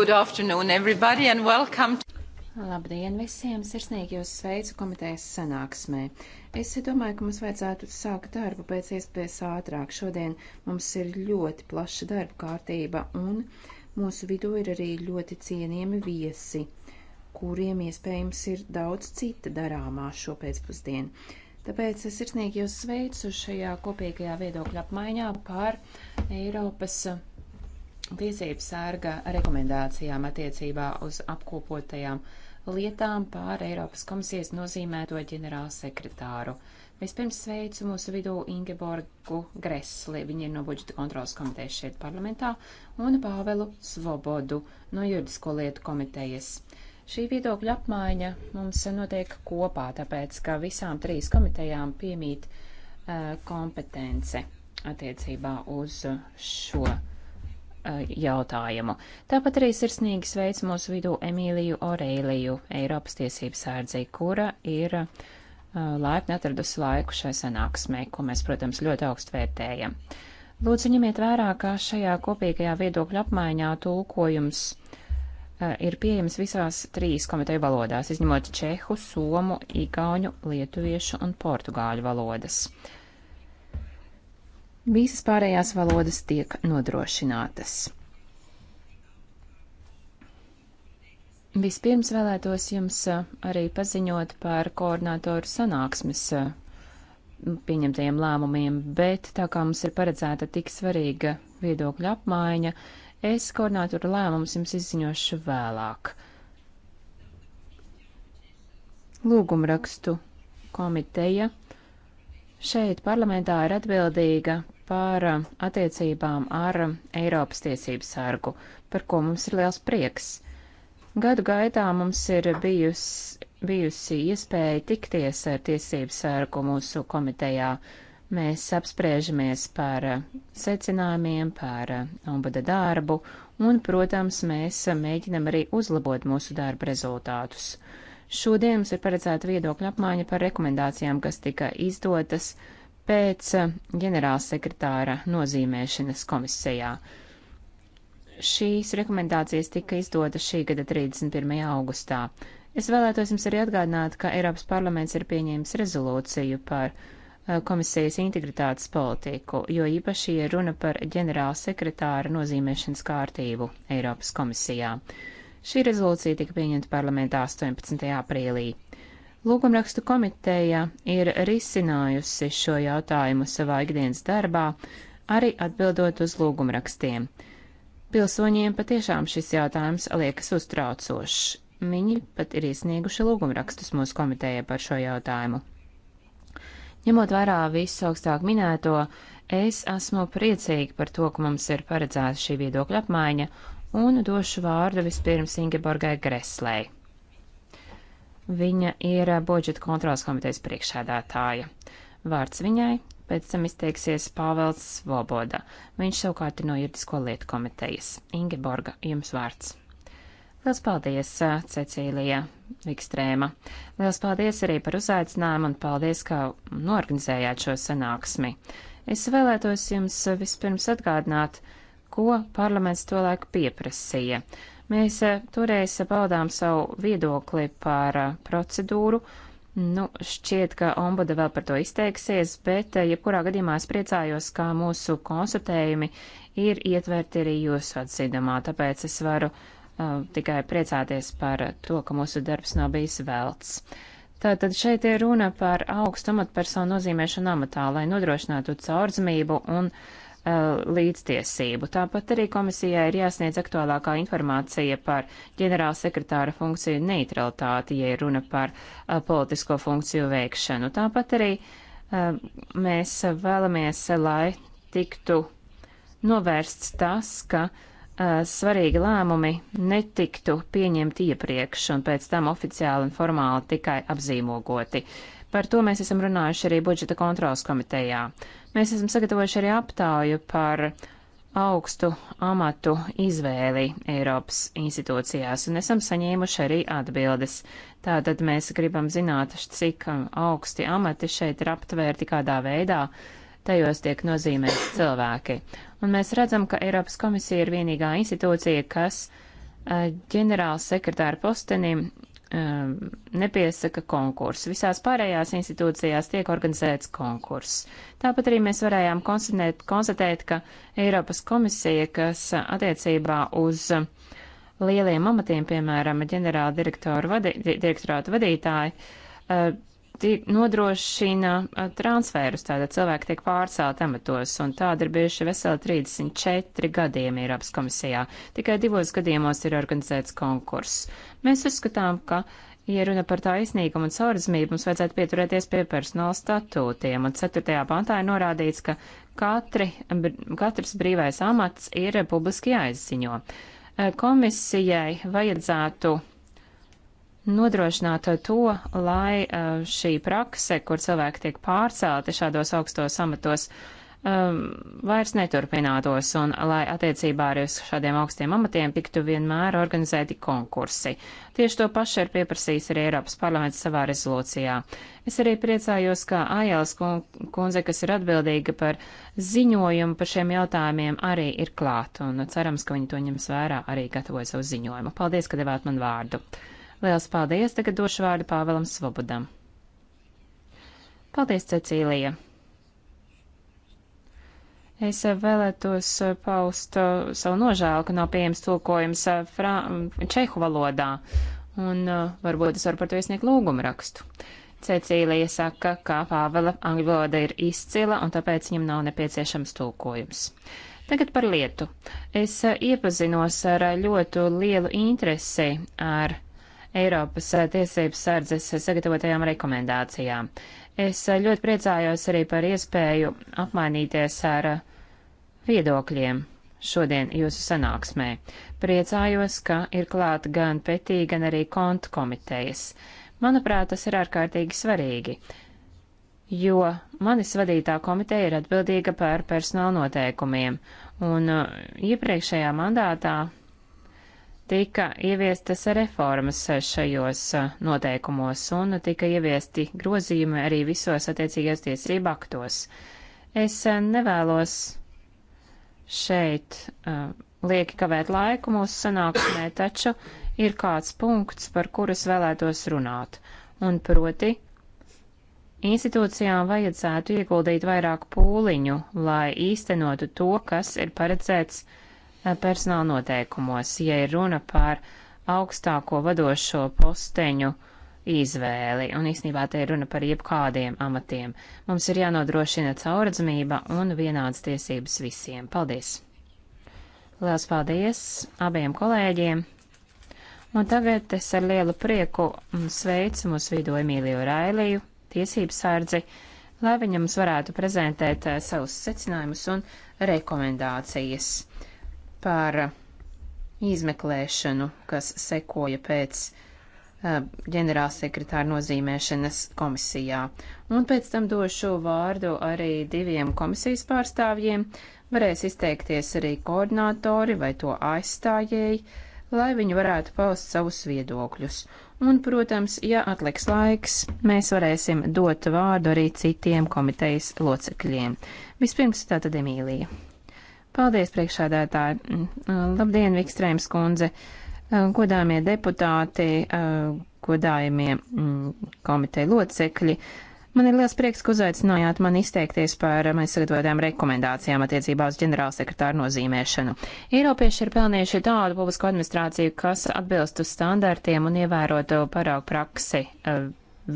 Good afternoon, everybody, and welcome. To... Labdien visiem! Sirsnīgi jūs sveicu komitejas sanāksmē. Es domāju, ka mums vajadzētu sākt darbu pēc iespējas ātrāk. Šodien mums ir ļoti plaša darba kārtība, un mūsu vidū ir arī ļoti cienījami viesi, kuriem iespējams ir daudz cita darāmā šo pēcpusdienu. Tāpēc es sirsnīgi jūs sveicu šajā kopīgajā viedokļa apmaiņā par Eiropas tiesības sārga rekomendācijām attiecībā uz apkopotajām lietām pār Eiropas komisijas nozīmēto ģenerālu sekretāru. Vispirms sveicu mūsu vidū Ingeborgu Gresli, viņa ir no budžeta kontrolas komitejas šeit parlamentā, un Pāvelu Svobodu no juridisko lietu komitejas. Šī viedokļa apmaiņa mums notiek kopā, tāpēc, ka visām trīs komitejām piemīt uh, kompetence attiecībā uz šo uh, Eh, jautājumu. Tāpat arī sirsnīgi sveic mūsu vidū Emīliju Oreiliju, Eiropas tiesības sārdzī, kura ir uh, laipni atradusi laiku šai sanāksmē, ko mēs, protams, ļoti augstu vērtējam. Lūdzu, ņemiet vērā, ka šajā kopīgajā viedokļa apmaiņā tulkojums uh, ir pieejams visās trīs komiteju valodās, izņemot čehu, somu, igauņu, lietuviešu un portugāļu valodas. Uh, Visas pārējās valodas tiek nodrošinātas. Vispirms vēlētos jums uh, arī paziņot par koordinātoru sanāksmes uh, pieņemtajiem lēmumiem, bet tā kā mums ir paredzēta tik svarīga viedokļa apmaiņa, es koordinātoru lēmumus jums izziņošu vēlāk. Lūgumrakstu komiteja šeit parlamentā ir atbildīga par uh, attiecībām ar uh, Eiropas tiesību sargu, par ko mums ir liels prieks. Gadu gaitā mums ir bijusi, bijusi iespēja tikties ar tiesību sargu mūsu komitejā. Mēs apspriežamies par uh, secinājumiem, par ombuda darbu, un, protams, mēs mēģinam arī uzlabot mūsu darba rezultātus. Šodien mums ir paredzēta viedokļa apmaiņa par rekomendācijām, kas tika izdotas pēc eh, ģenerālsekretāra nozīmēšanas komisijā. Šīs rekomendācijas tika izdotas šī gada 31. augustā. Es vēlētos jums arī atgādināt, ka Eiropas parlaments ir pieņēmis rezolūciju par eh, komisijas integritātes politiku, jo īpaši ir runa par ģenerāla sekretāra nozīmēšanas kārtību Eiropas komisijā. Šī rezolūcija tika pieņemta parlamentā 18. aprīlī. Lūgumrakstu komiteja ir risinājusi šo jautājumu savā ikdienas darbā, arī atbildot uz lūgumrakstiem. Pilsoņiem patiešām šis jautājums liekas uztraucošs. Viņi pat ir iesnieguši lūgumrakstus mūsu komitejai par šo jautājumu. Ņemot vērā visu augstāk minēto, es esmu priecīgi par to, ka mums ir paredzēta šī viedokļa apmaiņa, un došu vārdu vispirms Ingeborgai Greslei. Viņa ir budžeta kontrolas komitejas priekšsēdētāja. Vārds viņai, pēc tam izteiksies Pāvels Svoboda. Viņš savukārt ir no juridisko lietu komitejas. Ingeborga, jums vārds. Liels paldies, Cecīlija Vikstrēma. Liels paldies arī par uzaicinājumu un paldies, ka norganizējāt šo sanāksmi. Es vēlētos jums vispirms atgādināt, ko parlaments tolaik pieprasīja. Mēs eh, toreiz paudām savu viedokli par eh, procedūru. Nu, šķiet, ka ombuda vēl par to izteiksies, bet eh, jebkurā gadījumā es priecājos, ka mūsu konstatējumi ir ietverti arī jūsu atzinumā, tāpēc es varu uh, tikai priecāties par to, ka mūsu darbs nav bijis velts. Tātad šeit ir runa par augstu amatpersonu nozīmēšanu amatā, lai nodrošinātu caurzmību un uh, Uh, līdztiesību. Tāpat arī komisijai ir jāsniedz aktuālākā informācija par ģenerāla sekretāra funkciju neutralitāti, ja runa par uh, politisko funkciju veikšanu. Tāpat arī uh, mēs vēlamies, lai tiktu novērsts tas, ka svarīgi lēmumi netiktu pieņemti iepriekš un pēc tam oficiāli un formāli tikai apzīmogoti. Par to mēs esam runājuši arī budžeta kontrolas komitejā. Mēs esam sagatavojuši arī aptāju par augstu amatu izvēli Eiropas institūcijās un esam saņēmuši arī atbildes. Tātad mēs gribam zināt, cik augsti amati šeit ir aptvērti kādā veidā, tajos tiek nozīmēti cilvēki. Un mēs redzam, ka Eiropas komisija ir vienīgā institūcija, kas eh, ģenerāls sekretāra postenim um, nepiesaka konkursu. Visās pārējās institūcijās tiek organizēts konkurss. Tāpat arī mēs varējām konstatēt, konstatēt ka Eiropas komisija, kas attiecībā uz lieliem amatiem, piemēram, ģenerāla direktora vadi, direktorāta vadītāji, uh, tiek nodrošina transferus, tātad cilvēki tiek pārcelti amatos, un tāda ir bijuši veseli 34 gadījumi Eiropas komisijā. Tikai divos gadījumos ir organizēts konkurss. Mēs uzskatām, ka, ja runa par taisnīgumu un saurazmību, mums vajadzētu pieturēties pie personāla statūtiem, un 4. pantā ir norādīts, ka katri, katrs brīvais amats ir publiski jāizziņo. Komisijai vajadzētu nodrošināt to, lai šī prakse, kur cilvēki tiek pārcelti šādos augstos amatos, vairs neturpinātos un lai attiecībā arī uz šādiem augstiem amatiem tiktu vienmēr organizēti konkursi. Tieši to pašu ir pieprasījis arī Eiropas parlaments savā rezolūcijā. Es arī priecājos, ka Ajēls kundze, kas ir atbildīga par ziņojumu par šiem jautājumiem, arī ir klāt un cerams, ka viņi to ņems vērā arī gatavoja savu ziņojumu. Paldies, ka devāt man vārdu. Liels paldies! Tagad došu vārdu Pāvēlam Svobodam. Paldies, Cecīlija! Es vēlētos paust uh, savu nožēlu, ka nav pieejams tulkojums uh, um, čehu valodā, un uh, varbūt es varu par to iesniegt lūgumu rakstu. Cecīlija saka, ka Pāvela angļu valoda ir izcila, un tāpēc viņam nav nepieciešams tulkojums. Tagad par lietu. Es iepazinos ar ļoti lielu interesi ar Eiropas eh, tiesības sardzes sagatavotajām rekomendācijām. Es eh, ļoti priecājos arī par iespēju apmainīties ar eh, viedokļiem šodien jūsu sanāksmē. Priecājos, ka ir klāt gan petī, gan arī kontu komitejas. Manuprāt, tas ir ārkārtīgi svarīgi, jo manis vadītā komiteja ir atbildīga par personāla noteikumiem, un iepriekšējā mandātā tika ieviestas reformas šajos noteikumos un tika ieviesti grozījumi arī visos attiecīgajos tiesību aktos. Es nevēlos šeit uh, lieki kavēt laiku mūsu sanāksmē, taču ir kāds punkts, par kuras vēlētos runāt, un proti institūcijām vajadzētu ieguldīt vairāk pūliņu, lai īstenotu to, kas ir paredzēts personāla noteikumos, ja ir runa par augstāko vadošo posteņu izvēli, un īsnībā te ir runa par jebkādiem amatiem. Mums ir jānodrošina caurredzamība un vienādas tiesības visiem. Paldies! Lielas paldies abiem kolēģiem! Un tagad es ar lielu prieku sveicu mūsu vidū Emīliju Railiju, tiesības sārdzi, lai viņam varētu prezentēt eh, savus secinājumus un rekomendācijas par izmeklēšanu, kas sekoja pēc ģenerālsekretāra nozīmēšanas komisijā. Un pēc tam došu vārdu arī diviem komisijas pārstāvjiem. Varēs izteikties arī koordinātori vai to aizstājēji, lai viņi varētu paust savus viedokļus. Un, protams, ja atliks laiks, mēs varēsim dot vārdu arī citiem komitejas locekļiem. Vispirms tātad Emīlija. Paldies, priekšādētāji. Mm, labdien, Vikstrēms kundze, mm, mm, godājumie deputāti, godājumie komiteja locekļi. Man ir liels prieks, ka uzaicinājāt mani izteikties par manis sagatavotajām rekomendācijām attiecībā uz ģenerālsekretāru nozīmēšanu. Eiropieši ir pelnījuši tādu publisko administrāciju, kas atbilst uz standartiem un ievērotu paraugu praksi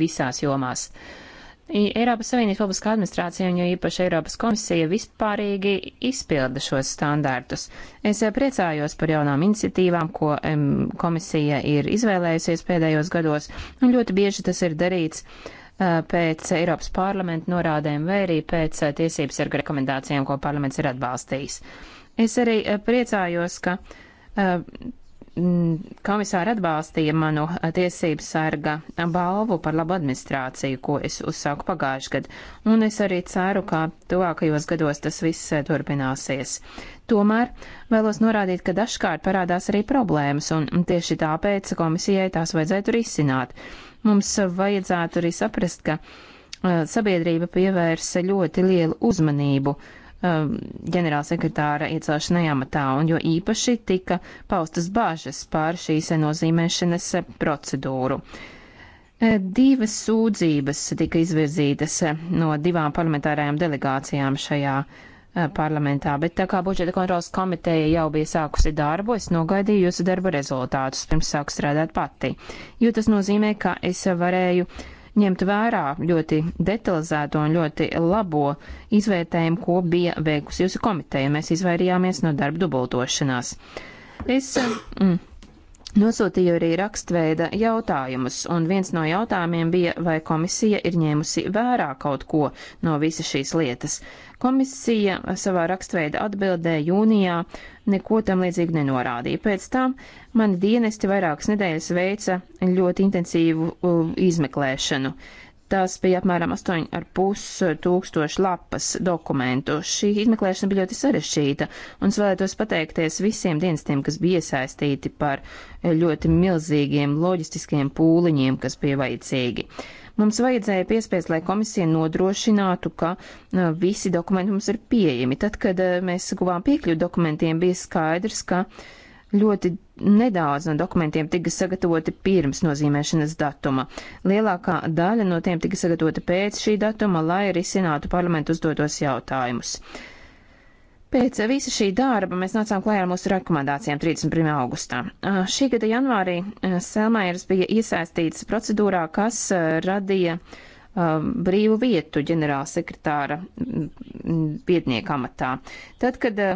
visās jomās. Uh, Eiropas Savienības publiskā administrācija un jo īpaši Eiropas komisija vispārīgi izpilda šos standārtus. Es eh, priecājos par jaunām iniciatīvām, ko um, komisija ir izvēlējusies pēdējos gados, un ļoti bieži tas ir darīts uh, pēc Eiropas parlamenta norādēm vai arī pēc uh, tiesības sarga rekomendācijām, ko parlaments ir atbalstījis. Es arī uh, priecājos, ka komisāri atbalstīja manu tiesību sarga balvu par labu administrāciju, ko es uzsāku pagājušajā gadā, un es arī ceru, ka tuvākajos gados tas viss turpināsies. Tomēr vēlos norādīt, ka dažkārt parādās arī problēmas, un tieši tāpēc komisijai tās vajadzētu risināt. Mums vajadzētu arī saprast, ka sabiedrība pievērsa ļoti lielu uzmanību uh, Um, ģenerālsekretāra iecelšanai amatā, un jo īpaši tika paustas bāžas pār šīs nozīmēšanas procedūru. E, divas sūdzības tika izvirzītas e, no divām parlamentārajām delegācijām šajā e, parlamentā, bet tā kā budžeta kontrolas komiteja jau bija sākusi darbu, es nogaidīju jūsu darba rezultātus pirms sāku strādāt pati, jo tas nozīmē, ka es varēju uh, ņemt vērā ļoti detalizēto un ļoti labo izvērtējumu, ko bija veikusi jūsu komiteja. Mēs izvairījāmies no darba dubultošanās. Es eh, mm, nosūtīju arī rakstveida jautājumus, un viens no jautājumiem bija, vai komisija ir ņēmusi vērā kaut ko no visas šīs lietas. Komisija savā rakstveida atbildē jūnijā neko tam līdzīgi nenorādīja. Pēc tam mani dienesti vairākas nedēļas veica ļoti intensīvu uh, izmeklēšanu. Uh, Tās bija apmēram 8,5 tūkstoši lapas dokumentu. Šī izmeklēšana bija ļoti sarežģīta, un es vēlētos pateikties visiem dienestiem, kas bija iesaistīti par ļoti milzīgiem loģistiskiem pūliņiem, kas bija vajadzīgi. Mums vajadzēja piespiest, lai komisija nodrošinātu, ka uh, visi dokumenti mums ir pieejami. Tad, kad uh, mēs guvām piekļuvi dokumentiem, bija skaidrs, ka uh, Ļoti nedaudz no dokumentiem tika sagatavoti pirms nozīmēšanas datuma. Lielākā daļa no tiem tika sagatavota pēc šī datuma, lai risinātu parlamentu uzdotos jautājumus. Pēc visa šī darba mēs nācām klajā ar mūsu rekomendācijām 31. augustā. Šī gada janvārī Selmairs bija iesaistīts procedūrā, kas radīja uh, Um, brīvu vietu ģenerālsekretāra vietnieka mm, mm, amatā. Tad, kad uh,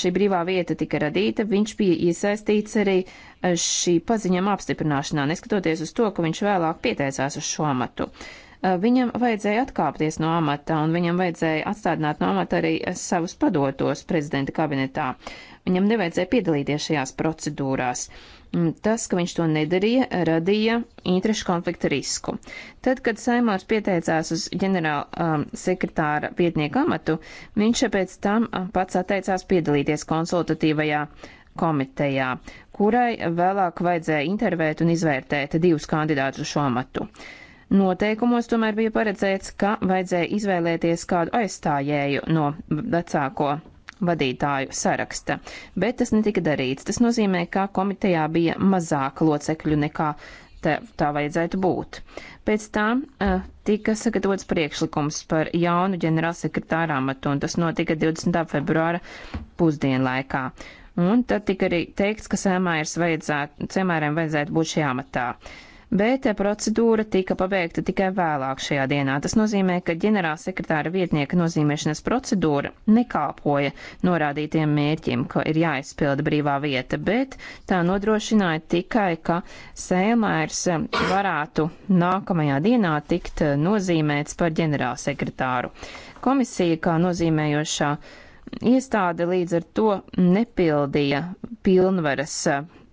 šī brīvā vieta tika radīta, viņš bija iesaistīts arī uh, šī paziņama apstiprināšanā, neskatoties uz to, ka viņš vēlāk pieteicās uz šo amatu. Uh, viņam vajadzēja atkāpties no amata, un viņam vajadzēja atstādināt no amata arī savus padotos prezidenta kabinetā. Viņam nevajadzēja piedalīties šajās procedūrās. Uh, Tas, ka viņš to nedarīja, radīja interešu konflikta risku. Tad, kad Saimons pieteicās uz ģenerāla um, sekretāra vietnieku amatu, viņš pēc tam uh, pats atteicās piedalīties konsultatīvajā komitejā, kurai vēlāk vajadzēja intervēt un izvērtēt divus kandidātus uz šo amatu. Noteikumos tomēr bija paredzēts, ka vajadzēja izvēlēties kādu aizstājēju no vecāko vadītāju saraksta, bet tas netika darīts. Tas nozīmē, ka komitejā bija mazāk locekļu nekā tā, tā vajadzētu būt. Pēc tam uh, tika sagatavots priekšlikums par jaunu ģenerālsekretāru amatu, un tas notika 20. februāra pusdienlaikā. Un tad tika arī teikts, ka sēmā ir vajadzētu, sēmēriem vajadzētu būt šajā amatā. Uh, bet eh, procedūra tika pabeigta tikai vēlāk šajā dienā. Tas nozīmē, ka ģenerālsekretāra vietnieka nozīmēšanas procedūra nekāpoja norādītiem mērķiem, ka ir jāizpilda brīvā vieta, bet tā nodrošināja tikai, ka Sēmairs eh, varētu nākamajā dienā tikt eh, nozīmēts par ģenerālsekretāru. Komisija kā nozīmējošā iestāde līdz ar to nepildīja pilnvaras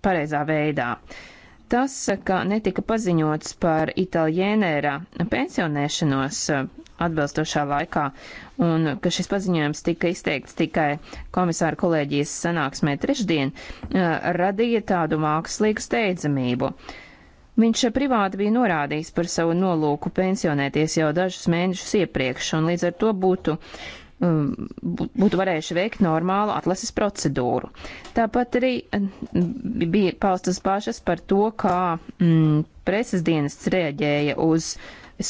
pareizā veidā. Uh, Tas, ka netika paziņots par itāļienērā pensionēšanos uh, atbilstošā laikā, un ka šis paziņojums tika izteikts tikai komisāra kolēģijas sanāksmē trešdien, uh, radīja tādu mākslīgu steidzamību. Viņš uh, privāti bija norādījis par savu nolūku pensionēties jau dažus mēnešus iepriekš, un līdz ar to būtu Um, būtu varējuši veikt normālu atlases procedūru. Tāpat arī um, bija paustas pašas par to, kā mm, preses dienests reaģēja uz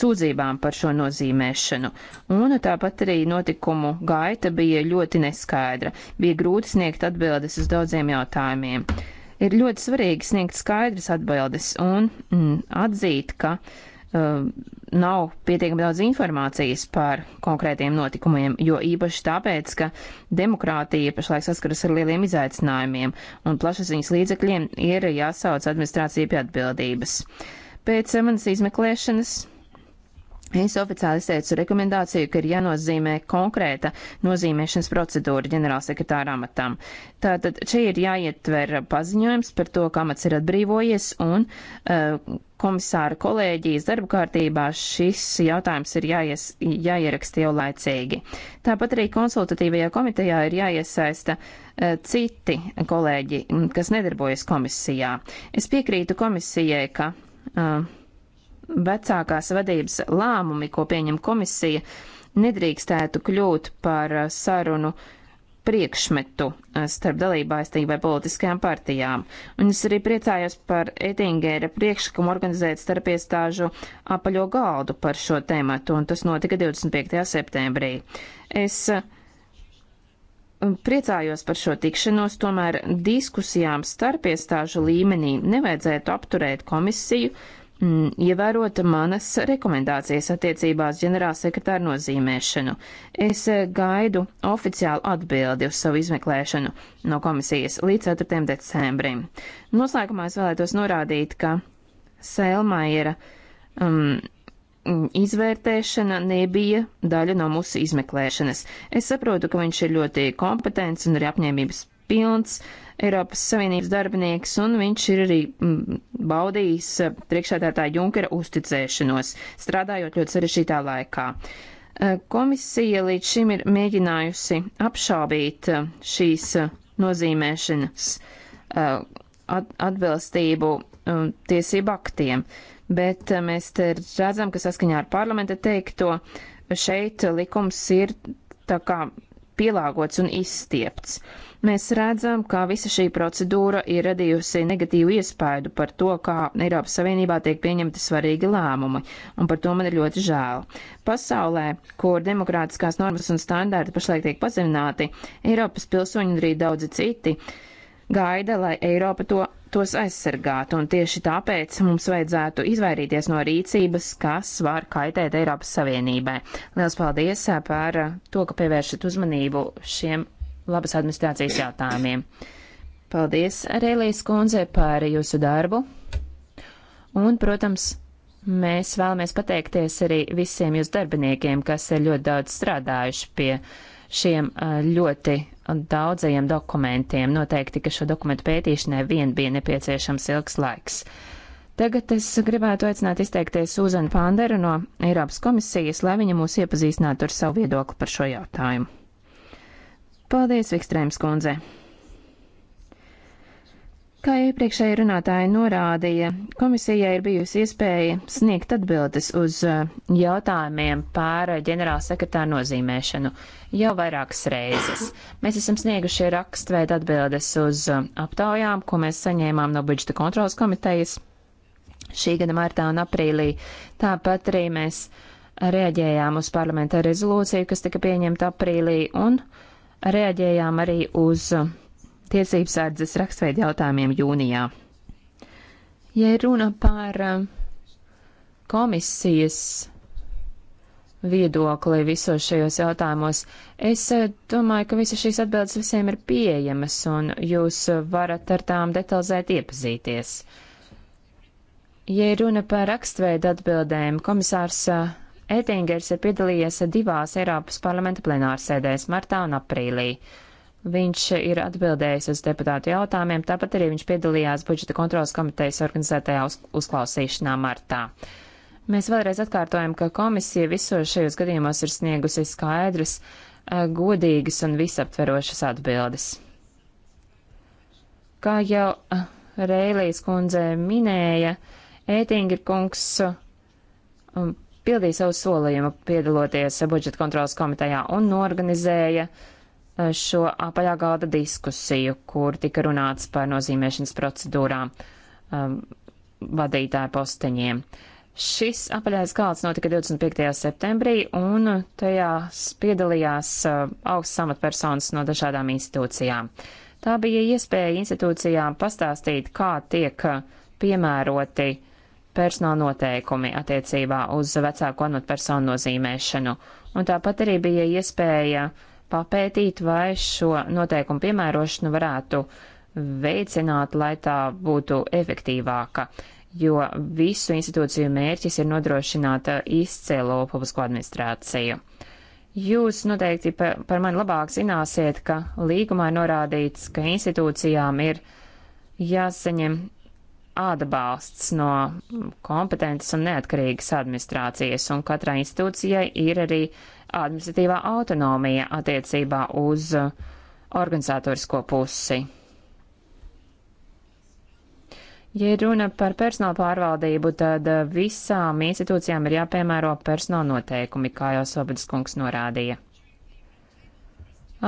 sūdzībām par šo nozīmēšanu. Un tāpat arī notikumu gaita bija ļoti neskaidra. Bija grūti sniegt atbildes uz daudziem jautājumiem. Ir ļoti svarīgi sniegt skaidras atbildes un mm, atzīt, ka uh, um, nav pietiekami daudz informācijas par konkrētiem notikumiem, jo īpaši tāpēc, ka demokrātija pašlaik saskaras ar lieliem izaicinājumiem un plašsaziņas līdzekļiem ir jāsauc administrācija pie atbildības. Pēc uh, manas izmeklēšanas Es oficiāli izteicu rekomendāciju, ka ir jānozīmē konkrēta nozīmēšanas procedūra ģenerālsekretāra amatam. Tātad šeit ir jāietver paziņojums par to, ka amats ir atbrīvojies un uh, komisāra kolēģijas darba kārtībā šis jautājums ir jāies, jāieraksta jau laicīgi. Tāpat arī konsultatīvajā komitejā ir jāiesaista uh, citi kolēģi, kas nedarbojas komisijā. Es piekrītu komisijai, ka. Uh, vecākās vadības lēmumi, ko pieņem komisija, nedrīkstētu kļūt par eh, sarunu priekšmetu eh, starp dalībvalstīm vai politiskajām partijām. Un es arī priecājos par Ettingera priekšlikumu organizēt starpiestāžu apaļo galdu par šo tēmatu, un tas notika 25. septembrī. Es eh, priecājos par šo tikšanos, tomēr diskusijām starpiestāžu līmenī nevajadzētu apturēt komisiju, uh, mm, ievērot manas rekomendācijas attiecībās ģenerālsekretāra nozīmēšanu. Es eh, gaidu oficiālu atbildi uz savu izmeklēšanu no komisijas līdz 4. decembrim. Noslēgumā es vēlētos norādīt, ka Selmaiera um, mm, izvērtēšana nebija daļa no mūsu izmeklēšanas. Es saprotu, ka viņš ir ļoti kompetents un ir apņēmības pilns Eiropas Savienības darbinieks, un viņš ir arī mm, baudījis eh, priekšādātāja Junkera uzticēšanos, strādājot ļoti sarežģītā laikā. Eh, komisija līdz šim ir mēģinājusi apšābīt eh, šīs nozīmēšanas atbilstību tiesību aktiem, bet mēs te redzam, ka saskaņā ar parlamenta teikto šeit likums ir tā kā pielāgots un izstiepts. Uh, Mēs redzam, kā visa šī procedūra ir radījusi negatīvu iespaidu par to, kā Eiropas Savienībā tiek pieņemti svarīgi lēmumi, un par to man ir ļoti žēl. Pasaulē, kur demokrātiskās normas un standarti pašlaik tiek pazemināti, Eiropas pilsoņi un arī daudzi citi gaida, lai Eiropa to tos aizsargāt, un tieši tāpēc mums vajadzētu izvairīties no rīcības, kas var kaitēt Eiropas Savienībai. Lielas paldies par to, ka pievēršat uzmanību šiem labas administrācijas jautājumiem. Paldies, Rēlīs kundze, par jūsu darbu. Un, protams, Mēs vēlamies pateikties arī visiem jūsu darbiniekiem, kas ir ļoti daudz strādājuši pie šiem ļoti daudzajiem dokumentiem. Noteikti, ka šo dokumentu pētīšanai vien bija nepieciešams ilgs laiks. Tagad es gribētu aicināt izteikties Sūzanu Pānderu no Eiropas komisijas, lai viņa mūs iepazīstinātu ar savu viedokli par šo jautājumu. Paldies, Vikstrēms kundze! Kā iepriekšēji runātāji norādīja, komisijai ir bijusi iespēja sniegt atbildes uz uh, jautājumiem par ģenerāla sekretāra nozīmēšanu jau vairākas reizes. Mēs esam snieguši rakstveida atbildes uz uh, aptaujām, ko mēs saņēmām no budžeta kontrolas komitejas šī gada martā un aprīlī. Tāpat arī mēs reaģējām uz parlamenta rezolūciju, kas tika pieņemta aprīlī, un reaģējām arī uz tiesības sardzes rakstveidu jautājumiem jūnijā. Ja runa par uh, komisijas viedokli visos šajos jautājumos, es uh, domāju, ka visas šīs atbildes visiem ir pieejamas un jūs uh, varat ar tām detalizēt iepazīties. Ja runa par rakstveidu atbildēm, komisārs Ētingers ir piedalījies divās Eiropas parlamenta plenārsēdēs martā un aprīlī. Viņš ir atbildējis uz deputātu jautājumiem, tāpat arī viņš piedalījās budžeta kontrolas komitejas organizētajā uz, uzklausīšanā martā. Mēs vēlreiz atkārtojam, ka komisija visos šajos gadījumos ir sniegusi skaidras, eh, godīgas un visaptverošas atbildes. Kā jau eh, Reilijas kundze minēja, Ētinga kungs um, pildīja savu solījumu piedaloties budžeta kontrolas komitejā un norganizēja e, šo apaļā galda diskusiju, kur tika runāts par nozīmēšanas procedūrām um, vadītāju posteņiem. Šis apaļais galds notika 25. septembrī, un tajā piedalījās uh, augsts amatpersonas no dažādām institūcijām. Tā bija iespēja institūcijām pastāstīt, kā tiek piemēroti uh, personāla noteikumi attiecībā uz vecāku amatpersonu nozīmēšanu, un tāpat arī bija iespēja papētīt, vai šo noteikumu piemērošanu varētu veicināt, lai tā būtu efektīvāka, jo visu institūciju mērķis ir nodrošināt izcēlo publisko administrāciju. Jūs noteikti par, par mani labāk zināsiet, ka līgumā norādīts, ka institūcijām ir jāsaņem atbalsts no kompetentas un neatkarīgas administrācijas, un katrai institūcijai ir arī administratīvā autonomija attiecībā uz uh, organizatorisko pusi. Ja runa par personāla pārvaldību, tad uh, visām institūcijām ir jāpiemēro personāla noteikumi, kā jau Sobedas kungs norādīja.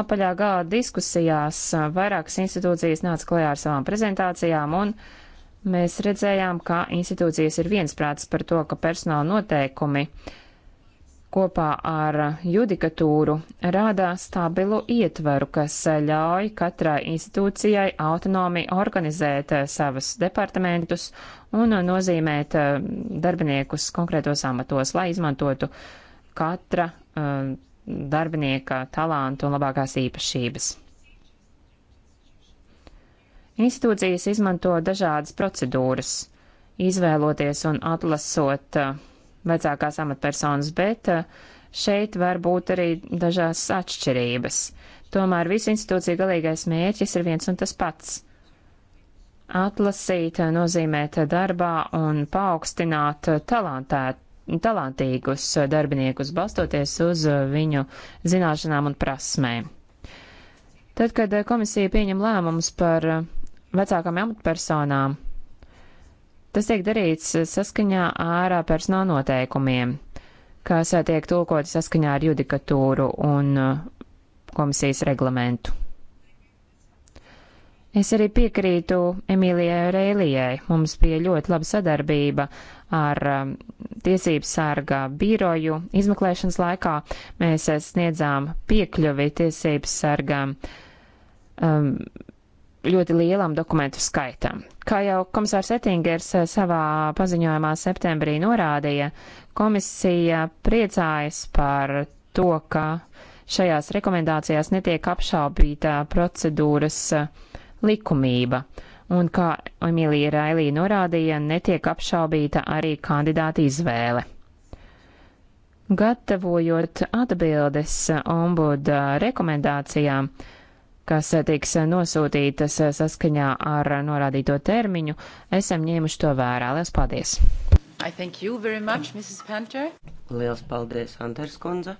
Apaļā gala diskusijās uh, vairākas institūcijas nāca klajā ar savām prezentācijām, un uh, Mēs redzējām, ka institūcijas ir viensprāts par to, ka personāla noteikumi kopā ar judikatūru rādā stabilu ietveru, kas ļauj katrai institūcijai autonomi organizēt eh, savas departamentus un nozīmēt eh, darbiniekus konkrētos amatos, lai izmantotu katra eh, darbinieka talantu un labākās īpašības. Institūcijas izmanto dažādas procedūras, izvēloties un atlasot uh, vecākās amatpersonas, bet uh, šeit var būt arī dažās atšķirības. Tomēr visu institūciju galīgais mērķis ir viens un tas pats - atlasīt, uh, nozīmēt darbā un paaugstināt talantēt talantīgus darbiniekus, balstoties uz viņu zināšanām un prasmēm. Tad, kad komisija pieņem lēmumus par vecākām amatpersonām. Tas tiek darīts eh, saskaņā ar eh, personāla noteikumiem, kas eh, tiek tulkoti saskaņā ar judikatūru un komisijas reglamentu. Es arī piekrītu Emīlijai Reilijai. Mums bija ļoti laba sadarbība ar tiesības sarga biroju. Izmeklēšanas laikā mēs sniedzām piekļuvi tiesības sargām um, ļoti lielam dokumentu skaitam. Kā jau komisārs Ettingers eh, savā paziņojumā septembrī norādīja, komisija priecājas par to, ka šajās rekomendācijās netiek apšaubīta procedūras eh, likumība, un, kā Emīlija Railī norādīja, netiek apšaubīta arī kandidāta izvēle. Gatavojot atbildes eh, ombuda rekomendācijām, uh, kas eh, tiks eh, nosūtītas eh, saskaņā ar norādīto termiņu, esam ņēmuši to vērā. Lielas paldies! Much, Lielas paldies, Anders Kunze!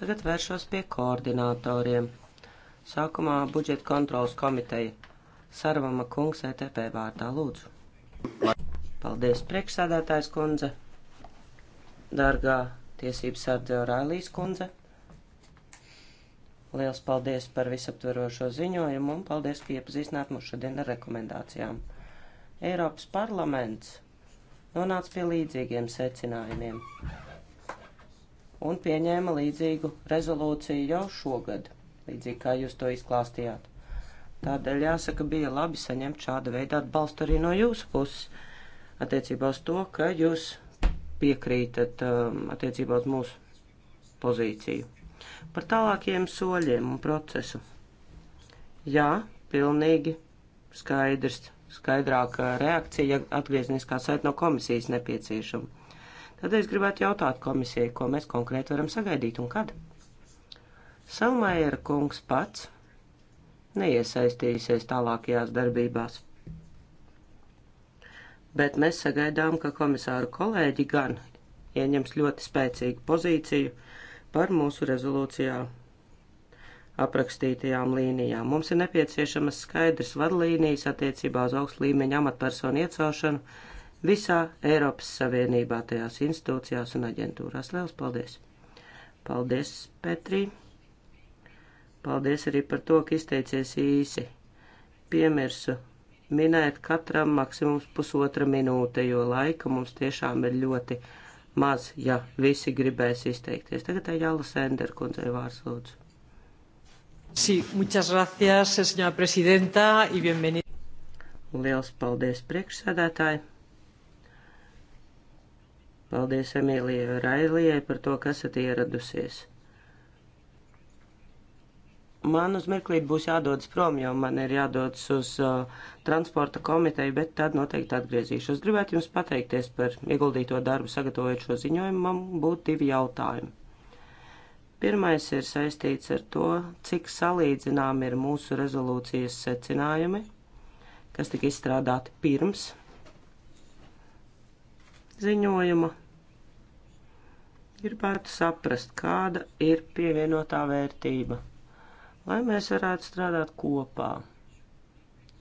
Tagad vēršos pie koordinatoriem. Sākumā budžeta kontrolas komiteja Sarvama kungs ETP vārdā lūdzu. Paldies, priekšsādātājs kundze, dārgā tiesības sardze Orālijas kundze Liels paldies par visaptverošo ziņojumu un paldies, ka iepazīstināt mūs šodien ar rekomendācijām. Eiropas parlaments nonāca pie līdzīgiem secinājumiem un pieņēma līdzīgu rezolūciju jau šogad, līdzīgi kā jūs to izklāstījāt. Tādēļ jāsaka, bija labi saņemt šāda veida atbalstu arī no jūsu puses attiecībā uz to, ka jūs piekrītat um, attiecībā uz mūsu pozīciju. Par tālākiem soļiem un procesu. Jā, pilnīgi skaidrs, skaidrāka reakcija atgriezniskā saita no komisijas nepieciešama. Tad es gribētu jautāt komisijai, ko mēs konkrēti varam sagaidīt un kad. Salmaiera kungs pats neiesaistījusies tālākajās darbībās. Bet mēs sagaidām, ka komisāru kolēģi gan ieņems ļoti spēcīgu pozīciju par mūsu rezolūcijā aprakstītajām līnijām. Mums ir nepieciešamas skaidras vadlīnijas attiecībā uz augstu līmeņa amatpersonu iecelšanu visā Eiropas Savienībā, tajās institūcijās un aģentūrās. Liels paldies! Paldies, Petrī! Paldies arī par to, ka izteicies īsi. Piemirsu minēt katram maksimums pusotra minūte, jo laika mums tiešām ir ļoti daudz maz, ja visi gribēs izteikties. Tagad Jāla Sender, kundzei vārds lūdzu. Sí, muchas gracias, señora presidenta, y bienvenida. Liels paldies priekšsēdētāji. Paldies Emīlijai Railijai par to, kas esat ieradusies man uz mirklīt būs jādodas prom, jo man ir jādodas uz uh, transporta komiteju, bet tad noteikti atgriezīšos. Gribētu jums pateikties par ieguldīto darbu, sagatavojot šo ziņojumu. Man būtu divi jautājumi. Pirmais ir saistīts ar to, cik salīdzinām ir mūsu rezolūcijas secinājumi, kas tika izstrādāti pirms ziņojuma. Gribētu saprast, kāda ir pievienotā vērtība lai mēs varētu strādāt kopā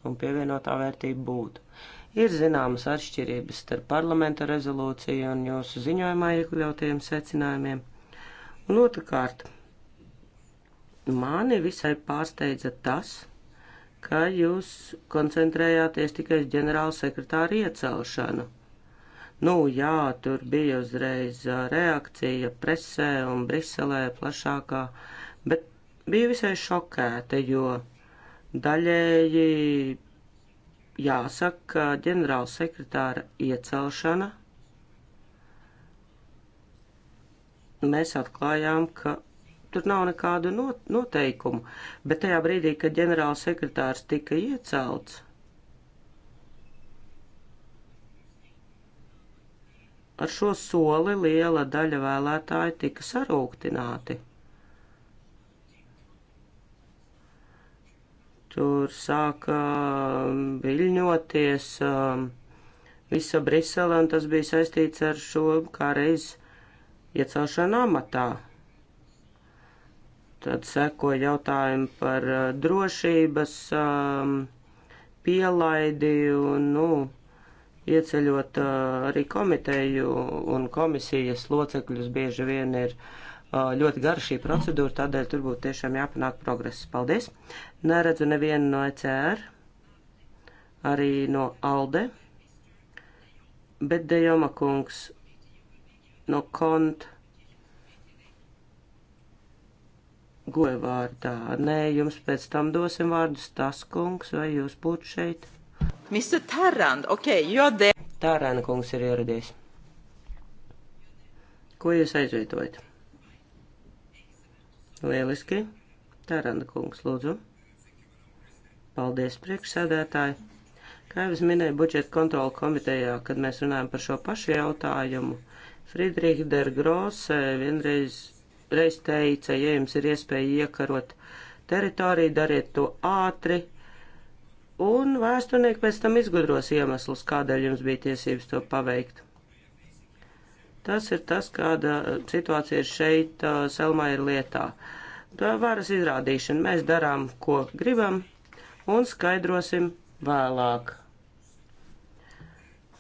un pievienotā vērtība būtu. Ir zināmas atšķirības starp parlamenta rezolūciju un jūsu ziņojumā iekļautajiem secinājumiem. Un otrkārt, mani visai pārsteidza tas, ka jūs koncentrējāties tikai uz ģenerāla sekretāra iecelšanu. Nu, jā, tur bija uzreiz reakcija presē un Briselē plašākā, bet Biju visai šokēta, jo daļēji jāsaka, ka ģenerāla sekretāra iecelšana mēs atklājām, ka tur nav nekādu noteikumu, bet tajā brīdī, kad ģenerāla sekretārs tika iecelts, ar šo soli liela daļa vēlētāji tika sarūktināti. Tur sāka um, viļņoties um, visa Brisele, un tas bija saistīts ar šo kā reiz iecelšanu amatā. Tad seko jautājumi par uh, drošības um, pielaidi un, nu, ieceļot uh, arī komiteju un komisijas locekļus bieži vien ir uh, ļoti gara šī procedūra, tādēļ tur būtu tiešām jāpanāk progress. Paldies! Neredzu nevienu no ECR, arī no ALDE, bet Dejoma kungs no KONT govārdā. Nē, jums pēc tam dosim vārdus tas kungs, vai jūs būtu šeit? Mr. Tarand, ok, jo de. Tarand kungs ir ieradies. Ko jūs aizvietojat? Lieliski. Tēranda kungs, lūdzu. Paldies, priekšsēdētāji. Kā jau es minēju budžeta kontrola komitejā, kad mēs runājam par šo pašu jautājumu, Friedrich der Grosse vienreiz reiz teica, ja jums ir iespēja iekarot teritoriju, dariet to ātri, un vēsturnieki pēc tam izgudros iemeslus, kādēļ jums bija tiesības to paveikt. Tas ir tas, kāda situācija ir šeit uh, Selmā ir lietā. Tā varas izrādīšana. Mēs darām, ko gribam, un skaidrosim vēlāk.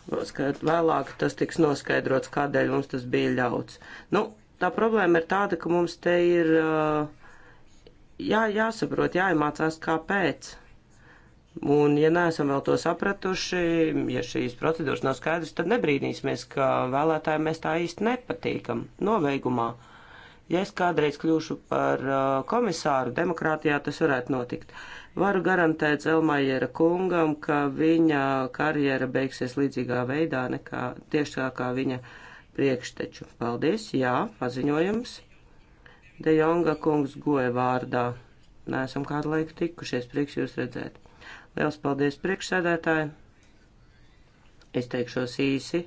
Vēlāk tas tiks noskaidrots, kādēļ mums tas bija ļauts. Nu, tā problēma ir tāda, ka mums te ir uh, jā, jāsaprot, jāiemācās kāpēc. Un, ja neesam vēl to sapratuši, ja šīs procedūras nav skaidrs, tad nebrīnīsimies, ka vēlētājiem mēs tā īsti nepatīkam. Noveigumā, ja es kādreiz kļūšu par uh, komisāru demokrātijā, tas varētu notikt. Varu garantēt Zelmaiera kungam, ka viņa karjera beigsies līdzīgā veidā nekā tieši tā kā viņa priekšteču. Paldies, jā, paziņojums. De Jonga kungs goja vārdā. Nesam kādu laiku tikušies, prieks jūs redzēt. Liels paldies priekšsēdētāji. Es teikšos īsi.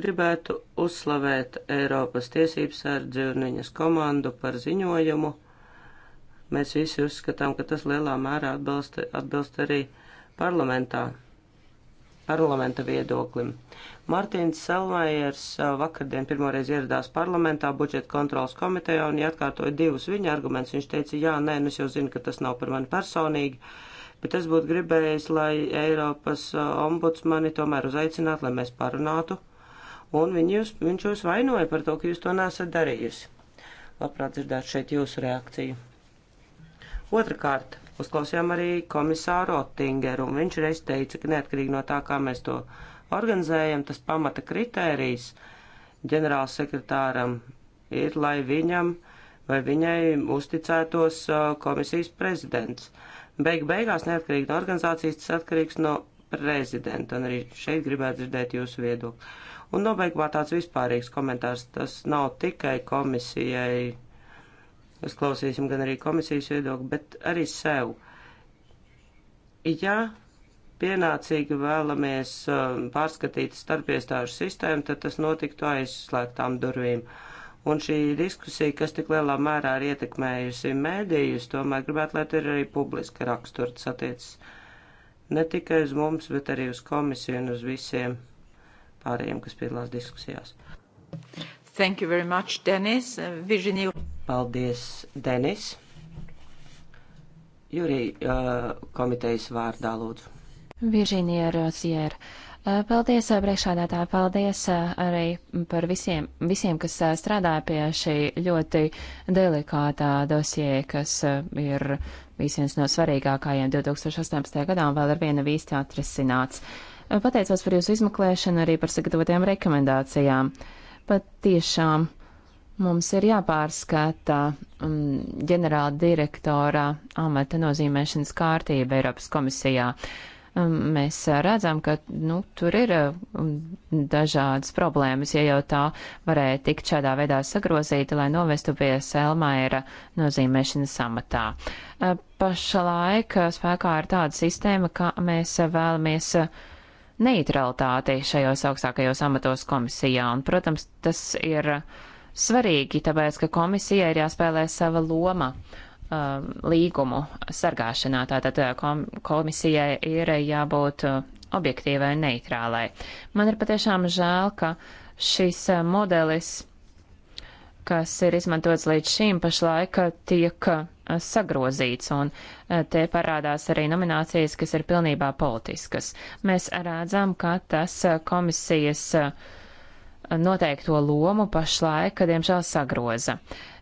Gribētu uzslavēt Eiropas tiesības sardzi un viņas komandu par ziņojumu. Mēs visi uzskatām, ka tas lielā mērā atbilst, atbilst arī parlamentā parlamenta viedoklim. Martins Selmaiers uh, vakardien pirmoreiz ieradās parlamentā budžeta kontrolas komitejā un atkārtoja divus viņa argumentus. Viņš teica, jā, nē, nu es jau zinu, ka tas nav par mani personīgi, bet es būtu gribējis, lai Eiropas uh, ombudsmani tomēr uzaicinātu, lai mēs parunātu. Un jūs, viņš jūs vainoja par to, ka jūs to nesat darījusi. Labprāt dzirdēt šeit jūsu reakciju. Otrakārt, Uzklausījām arī komisāru Ottingeru, un viņš reiz teica, ka neatkarīgi no tā, kā mēs to organizējam, tas pamata kritērijs ģenerālsekretāram ir, lai viņam vai viņai uzticētos uh, komisijas prezidents. Beig beigās, neatkarīgi no organizācijas, tas atkarīgs no prezidenta, un arī šeit gribētu dzirdēt jūsu viedokli. Un nobeigumā tāds vispārīgs komentārs, tas nav tikai komisijai uzklausīsim gan arī komisijas viedokli, bet arī sev. Ja pienācīgi vēlamies um, pārskatīt starpiestāžu sistēmu, tad tas notiktu aizslēgtām durvīm. Un šī diskusija, kas tik lielā mērā ir ietekmējusi mēdījus, tomēr gribētu, lai tur ir arī publiska rakstura, tas attiecas ne tikai uz mums, bet arī uz komisiju un uz visiem pārējiem, kas piedalās diskusijās. Thank you very much, Denis. Uh, Virginie. Paldies, Denis. Jurī uh, komitejas vārdā lūdzu. Virģīnija Rozier. Uh, paldies, uh, priekšādātāji, paldies uh, arī par visiem, visiem, kas strādāja pie šī ļoti delikātā dosie, kas ir viens no svarīgākajiem 2018. gadā un vēl ar vienu vīsti atrisināts. Pateicos par jūsu izmeklēšanu, arī par sagatavotiem rekomendācijām. Pat tiešām Mums ir jāpārskata um, ģenerāla direktora amata nozīmēšanas kārtība Eiropas komisijā. Um, mēs redzam, ka nu, tur ir um, dažādas problēmas, ja jau tā varēja tikt šādā veidā sagrozīta, lai novestu pie Selmaira nozīmēšanas amatā. Uh, pašlaik spēkā ir tāda sistēma, ka mēs vēlamies neitralitāti šajos augstākajos amatos komisijā, un, protams, tas ir uh, svarīgi, tāpēc, ka komisija ir jāspēlē sava loma um, līgumu sargāšanā. Tātad uh, komisijai ir jābūt uh, objektīvai un neitrālai. Man ir patiešām žēl, ka šis uh, modelis, kas ir izmantots līdz šim, pašlaik tiek sagrozīts, un te parādās arī nominācijas, kas ir pilnībā politiskas. Mēs redzam, ka tas komisijas uh, noteikto lomu pašlaik, diemžēl, sagroza.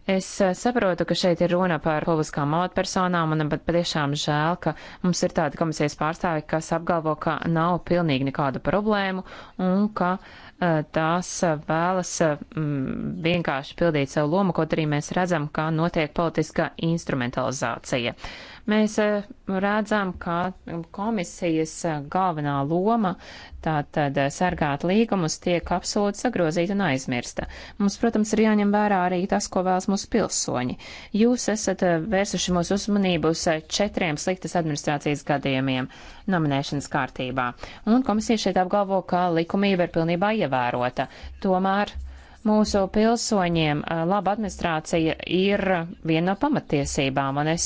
Es eh, saprotu, ka šeit ir runa par publiskām amatpersonām, un pat patiešām žēl, ka mums ir tāda komisijas pārstāve, kas apgalvo, ka nav pilnīgi nekādu problēmu, un ka uh, tās eh, vēlas mm, vienkārši pildīt savu lomu, kaut arī mēs redzam, ka notiek politiskā instrumentalizācija. Uh, Mēs eh, redzam, ka komisijas eh, galvenā loma, tātad eh, sargāt līgumus, tiek absolūti sagrozīta un aizmirsta. Mums, protams, ir jāņem vērā arī tas, ko vēlas mūsu pilsoņi. Jūs esat vērsuši mūsu uzmanību uz četriem sliktas administrācijas gadījumiem nominēšanas kārtībā, un komisija šeit apgalvo, ka likumība ir pilnībā ievērota. Tomēr mūsu pilsoņiem laba administrācija ir viena no pamatiesībām, un es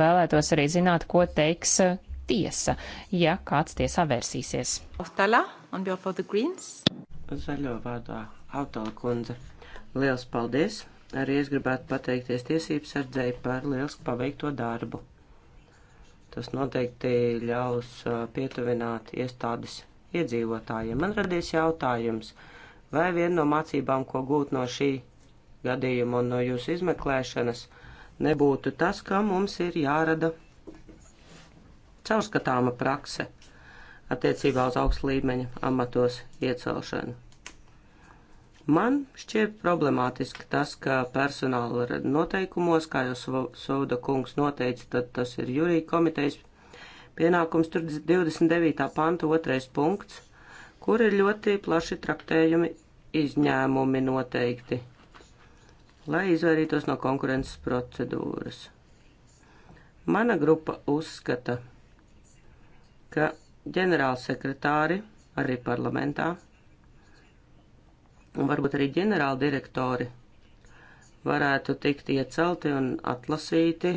vēlētos arī zināt, ko teiks tiesa, ja kāds tiesā vērsīsies. Aftala, on behalf of the Greens. Zaļo vārdā, Autala kundze. Liels paldies! Arī es gribētu pateikties tiesības sardzēji par lielisku paveikto darbu. Tas noteikti ļaus pietuvināt iestādes iedzīvotājiem. Man radies jautājums. Uh, Vai viena no mācībām, ko gūt no šī gadījuma un no jūsu izmeklēšanas, nebūtu tas, ka mums ir jārada caurskatāma prakse attiecībā uz augstu līmeņa amatos iecelšanu. Man šķiet problemātiski tas, ka personāla noteikumos, kā jau Sauda kungs noteica, tad tas ir jūrija komitejas pienākums, tur 29. panta otrais punkts kur ir ļoti plaši traktējumi izņēmumi noteikti, lai izvairītos no konkurences procedūras. Mana grupa uzskata, ka ģenerālsekretāri arī parlamentā un varbūt arī ģenerāldirektori varētu tikt iecelti un atlasīti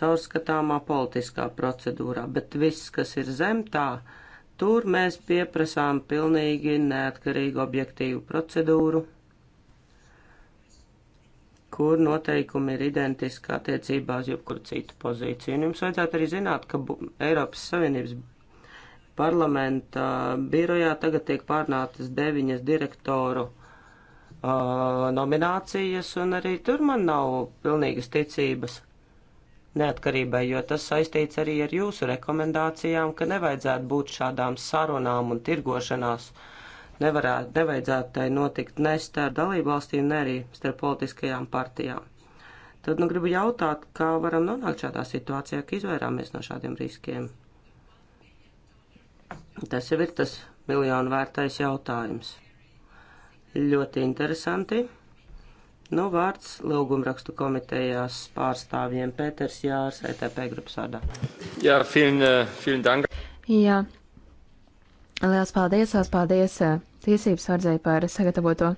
caurskatāmā politiskā procedūrā, bet viss, kas ir zem tā, uh, Tur mēs pieprasām pilnīgi neatkarīgu objektīvu procedūru, kur noteikumi ir identiski attiecībā uz jebkuru citu pozīciju. Un jums vajadzētu arī zināt, ka Eiropas Savienības parlamenta birojā tagad tiek pārnātas deviņas direktoru uh, nominācijas, un arī tur man nav pilnīgas ticības neatkarībai, jo tas saistīts arī ar jūsu rekomendācijām, ka nevajadzētu būt šādām sarunām un tirgošanās. Nevarētu, nevajadzētu tai notikt ne starp dalībvalstīm, ne arī starp politiskajām partijām. Tad nu gribu jautāt, kā varam nonākt šādā situācijā, ka izvairāmies no šādiem riskiem. Tas jau ir tas miljonu vērtais jautājums. Ļoti interesanti. Nu, vārds lūgumrakstu komitejās pārstāvjiem Pēters Jārs, ETP grupas vārdā. Jā, vielen, eh, vielen dank. Jā, liels paldies, liels paldies eh, tiesības sardzēji par sagatavoto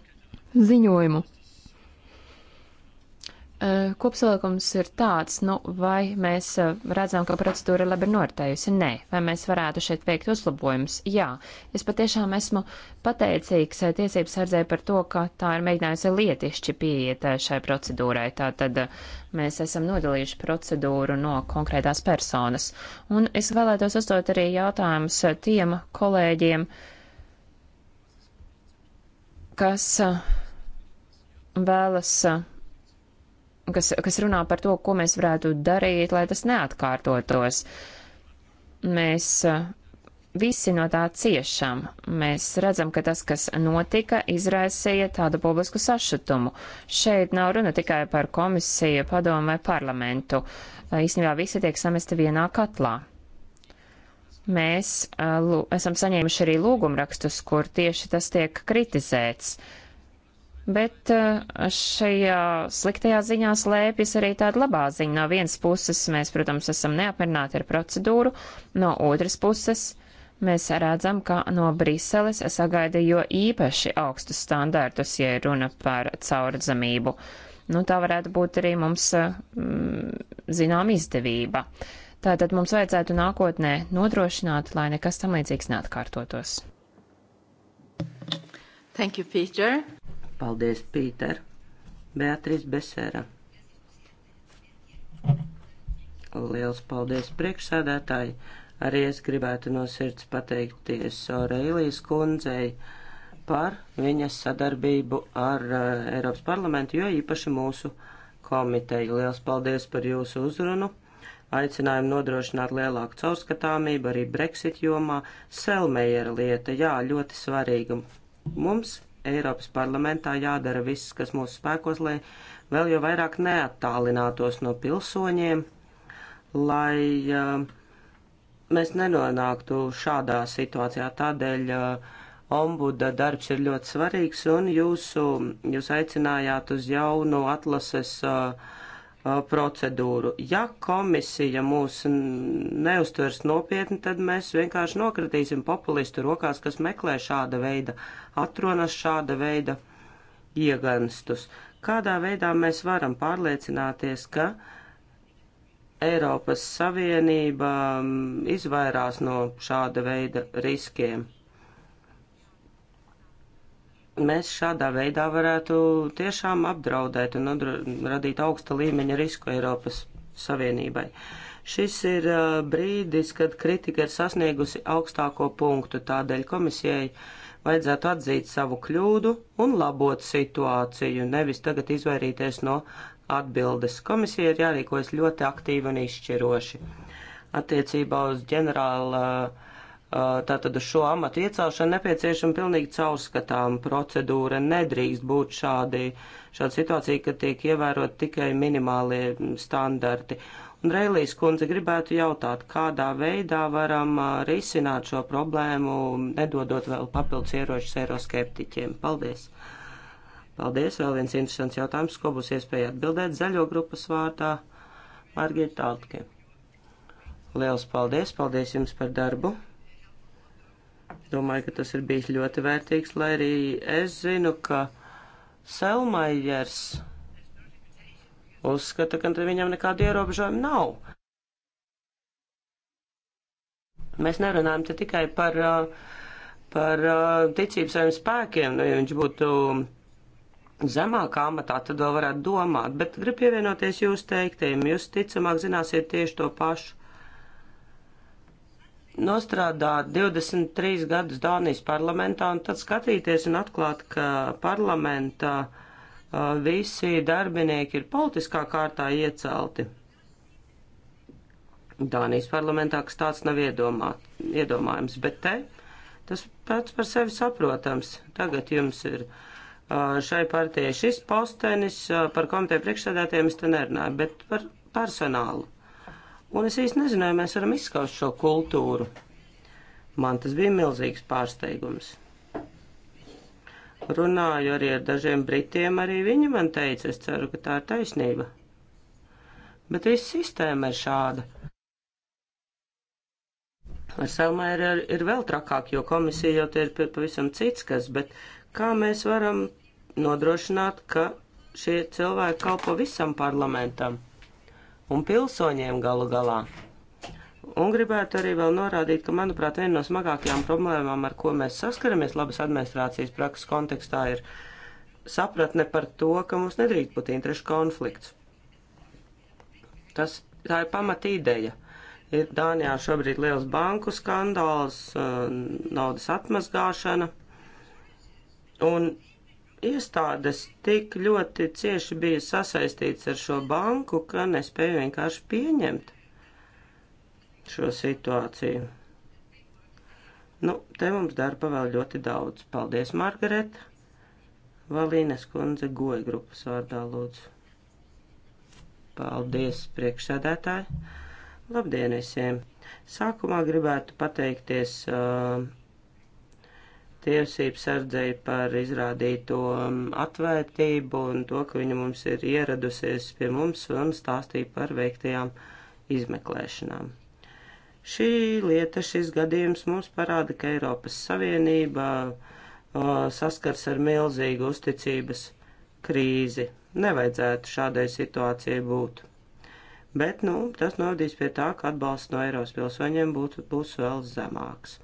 ziņojumu. Eh, kopsavilkums ir tāds, nu, vai mēs eh, redzam, ka procedūra ir labi noritējusi? Nē. Vai mēs varētu šeit veikt uzlabojumus? Jā. Es patiešām esmu pateicīgs eh, tiesības sardzē par to, ka tā ir mēģinājusi lietišķi pieiet šai procedūrai. Tātad mēs esam nodalījuši procedūru no konkrētās personas. Un es vēlētos uzdot arī jautājumus tiem kolēģiem, kas vēlas kas, kas runā par to, ko mēs varētu darīt, lai tas neatkārtotos. Mēs eh, visi no tā ciešam. Mēs redzam, ka tas, kas notika, izraisīja tādu publisku sašutumu. Šeit nav runa tikai par komisiju, padomu vai parlamentu. Eh, īstenībā visi tiek samesti vienā katlā. Mēs eh, esam saņēmuši arī lūgumrakstus, kur tieši tas tiek kritizēts. Uh, Bet eh, šajā sliktajā ziņā slēpjas arī tāda labā ziņa. No vienas puses mēs, protams, esam neapmierināti ar procedūru, no otras puses mēs redzam, ka no Briseles sagaida jo īpaši augstus standārtus, ja runa par caurdzamību. Nu, tā varētu būt arī mums eh, mm, zinām izdevība. Tātad mums vajadzētu nākotnē nodrošināt, lai nekas tam līdzīgs neatkārtotos. Thank you, Peter. Paldies, Pīter. Beatrīs Besēra. Liels paldies, priekšsādātāji. Arī es gribētu no sirds pateikties Aurēlijas kundzei par viņas sadarbību ar uh, Eiropas parlamentu, jo īpaši mūsu komiteju. Liels paldies par jūsu uzrunu aicinājumu nodrošināt lielāku caurskatāmību arī Brexit jomā. Selmejera lieta, jā, ļoti svarīga mums, Eiropas parlamentā jādara viss, kas mūsu spēkos, lai vēl jau vairāk neattālinātos no pilsoņiem, lai uh, mēs nenonāktu šādā situācijā. Tādēļ uh, ombuda darbs ir ļoti svarīgs, un jūsu, jūs aicinājāt uz jaunu atlases. Uh, procedūru. Ja komisija mūs neustvers nopietni, tad mēs vienkārši nokritīsim populistu rokās, kas meklē šāda veida atrunas, šāda veida ieganstus. Kādā veidā mēs varam pārliecināties, ka Eiropas Savienība izvairās no šāda veida riskiem? mēs šādā veidā varētu tiešām apdraudēt un radīt augsta līmeņa risku Eiropas Savienībai. Šis ir uh, brīdis, kad kritika ir sasniegusi augstāko punktu, tādēļ komisijai vajadzētu atzīt savu kļūdu un labot situāciju, nevis tagad izvairīties no atbildes. Komisija ir jārīkojas ļoti aktīvi un izšķiroši. Attiecībā uz ģenerāla uh, Tātad uz šo amatu iecelšanu nepieciešama pilnīgi caurskatām procedūra. Nedrīkst būt šādi, šāda situācija, ka tiek ievērot tikai minimālie standarti. Un Reilijas kundze gribētu jautāt, kādā veidā varam risināt šo problēmu, nedodot vēl papildus ierošus eiroskeptiķiem. Paldies! Paldies! Vēl viens interesants jautājums, ko būs iespēja atbildēt zaļo grupas vārdā Margita Altke. Liels paldies! Paldies jums par darbu! Es domāju, ka tas ir bijis ļoti vērtīgs, lai arī es zinu, ka Selmajers uzskata, ka viņam nekādu ierobežojumu nav. Mēs nerunājam te tikai par, uh, par uh, ticību saviem spēkiem. Nu, ja viņš būtu zemākā amatā, tad vēl varētu domāt. Bet gribu pievienoties jūs teiktiem. Jūs ticamāk zināsiet tieši to pašu nostrādāt 23 gadus Dānijas parlamentā un tad skatīties un atklāt, ka parlamentā visi darbinieki ir politiskā kārtā iecelti. Dānijas parlamentā, kas tāds nav iedomā, iedomājams, bet te tas pats par sevi saprotams. Tagad jums ir šai partijai šis postenis, par komiteju priekšsēdētājiem es te nerunāju, bet par personālu. Un es īsti nezināju, mēs varam izskaust šo kultūru. Man tas bija milzīgs pārsteigums. Runāju arī ar dažiem britiem, arī viņi man teica, es ceru, ka tā ir taisnība. Bet viss sistēma ir šāda. Ar Selmā ir, ir, ir vēl trakāk, jo komisija jau te ir pavisam cits kas, bet kā mēs varam nodrošināt, ka šie cilvēki kalpo visam parlamentam? un pilsoņiem galu galā. Un gribētu arī vēl norādīt, ka, manuprāt, viena no smagākajām problēmām, ar ko mēs saskaramies labas administrācijas prakses kontekstā, ir sapratne par to, ka mums nedrīkst būt interešu konflikts. Tas, tā ir pamata ideja. Ir Dānijā šobrīd liels banku skandāls, uh, naudas atmazgāšana, un iestādes tik ļoti cieši bija sasaistīts ar šo banku, ka nespēja vienkārši pieņemt šo situāciju. Nu, te mums darba vēl ļoti daudz. Paldies, Margareta! Valīnes kundze goja grupas vārdā lūdzu. Paldies, priekšsēdētāji! Labdien visiem! Sākumā gribētu pateikties uh, tiesību sardzēji par izrādīto um, atvērtību un to, ka viņa mums ir ieradusies pie mums un stāstīja par veiktajām izmeklēšanām. Šī lieta, šis gadījums mums parāda, ka Eiropas Savienība uh, saskars ar milzīgu uzticības krīzi. Nevajadzētu šādai situācijai būt. Bet, nu, tas novadīs pie tā, ka atbalsts no Eiropas pilsoņiem būtu, būs vēl zemāks.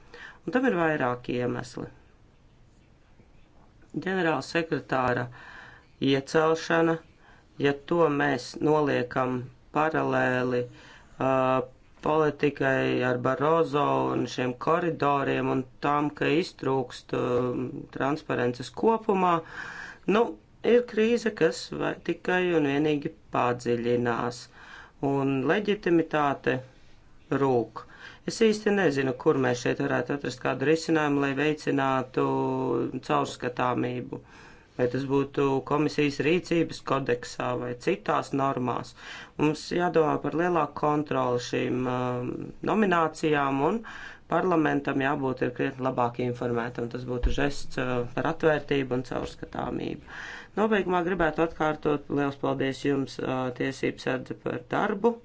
Un tam ir vairāki iemesli ģenerāla sekretāra iecelšana, ja to mēs noliekam paralēli uh, politikai ar Barozo un šiem koridoriem un tam, ka iztrūkst uh, transparences kopumā, nu, ir krīze, kas tikai un vienīgi padziļinās, un leģitimitāte rūk. Es īsti nezinu, kur mēs šeit varētu atrast kādu risinājumu, lai veicinātu caurskatāmību. Vai tas būtu komisijas rīcības kodeksā vai citās normās. Mums jādomā par lielāku kontroli šīm um, nominācijām un parlamentam jābūt ir krietni labāk informētam. Tas būtu žests uh, par atvērtību un caurskatāmību. Nobeigumā gribētu atkārtot liels paldies jums uh, tiesības sēdze par darbu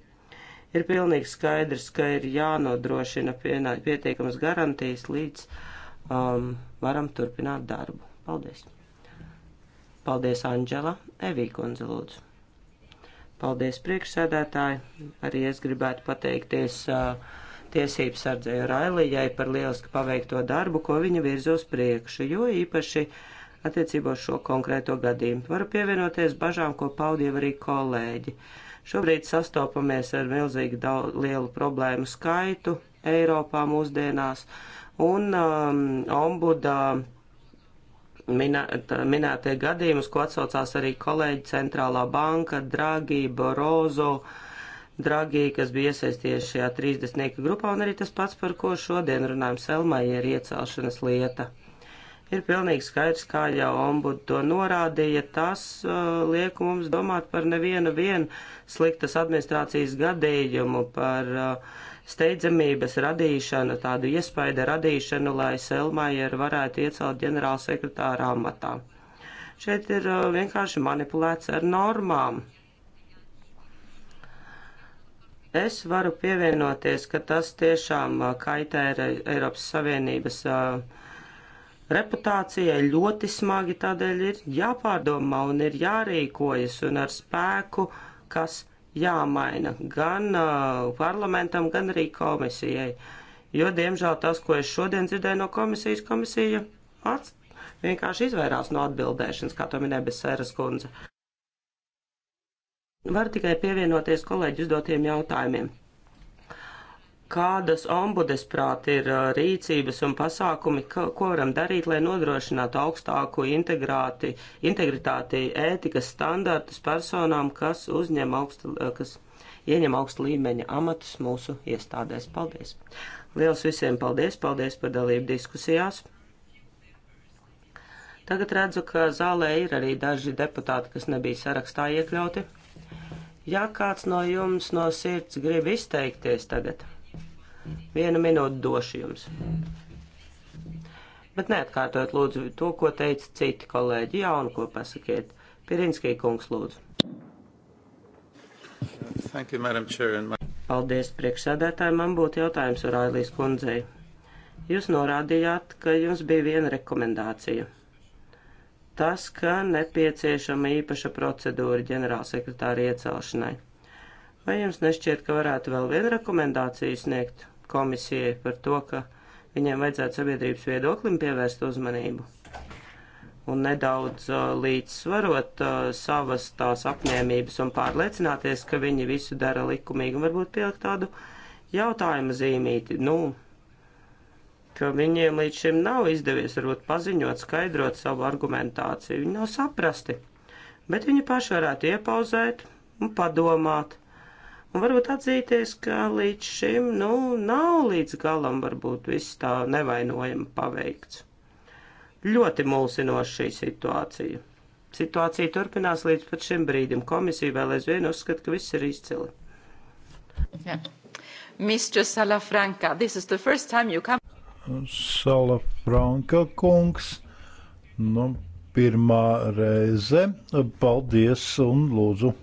Ir pilnīgi skaidrs, ka ir jānodrošina pietiekamas garantijas, līdz um, varam turpināt darbu. Paldies! Paldies, Anģela! Evī kundze, lūdzu! Paldies, priekšsēdētāji! Arī es gribētu pateikties uh, tiesības sardzēju Railijai par lieliski paveikto darbu, ko viņa virza uz priekšu, jo īpaši attiecībā uz šo konkrēto gadījumu. Varu pievienoties bažām, ko paudīja arī kolēģi. Uh, Šobrīd sastopamies ar milzīgi daudz, lielu problēmu skaitu Eiropā mūsdienās, un um, ombuda minē, minētie gadījumi, uz ko atsaucās arī kolēģi Centrālā banka, Dragī, Borozo, Dragī, kas bija iesaistījies šajā 30. grupā, un arī tas pats, par ko šodien runājam, Selmai ir iecelšanas lieta. Ir pilnīgi skaidrs, kā jau ombud to norādīja, tas uh, liek mums domāt par nevienu vienu sliktas administrācijas gadījumu, par uh, steidzamības radīšanu, tādu iespaidu radīšanu, lai Selmajer varētu iecelt ģenerāla sekretāra amatā. Šeit ir uh, vienkārši manipulēts ar normām. Es varu pievienoties, ka tas tiešām uh, kaitē Eiropas Savienības uh, reputācijai ļoti smagi, tādēļ ir jāpārdomā un ir jārīkojas un ar spēku, kas jāmaina gan uh, parlamentam, gan arī komisijai. Jo, diemžēl, tas, ko es šodien dzirdēju no komisijas, komisija ats, vienkārši izvairās no atbildēšanas, kā to minēja Besēras kundze. Var tikai pievienoties kolēģi uzdotiem jautājumiem kādas ombudes prāt ir rīcības un pasākumi, ko varam darīt, lai nodrošinātu augstāku integrāti, integritāti, ētikas standartus personām, kas, uzņem augsta, kas ieņem augsta līmeņa amatus mūsu iestādēs. Paldies! Liels visiem paldies! Paldies par dalību diskusijās! Tagad redzu, ka zālē ir arī daži deputāti, kas nebija sarakstā iekļauti. Ja kāds no jums no sirds grib izteikties tagad? Vienu minūti došu jums. Bet neatkārtojot lūdzu to, ko teica citi kolēģi, jaunu, ko pasakiet. Pirinskī kungs lūdzu. Thank you, Madam Chair. And my... Paldies, priekšsēdētāji. Man būtu jautājums Railijas kundzei. Jūs norādījāt, ka jums bija viena rekomendācija. Tas, ka nepieciešama īpaša procedūra ģenerālsekretāra iecelšanai. Vai jums nešķiet, ka varētu vēl vienu rekomendāciju sniegt? komisijai par to, ka viņiem vajadzētu sabiedrības viedoklim pievērst uzmanību un nedaudz uh, līdzsvarot uh, savas tās apņēmības un pārliecināties, ka viņi visu dara likumīgi un varbūt pielikt tādu jautājumu zīmīti, nu, ka viņiem līdz šim nav izdevies varbūt paziņot, skaidrot savu argumentāciju, viņi nav saprasti, bet viņi paši varētu iepauzēt un padomāt Un varbūt atzīties, ka līdz šim, nu, nav līdz galam varbūt viss tā nevainojami paveikts. Ļoti mulsinoša šī situācija. Situācija turpinās līdz pat šim brīdim. Komisija vēl aizvien uzskata, ka viss ir izcili. Yeah. Mr. Salafranca, this is the first time you come. Salafranca kungs, nu, pirmā reize. Paldies un lūdzu.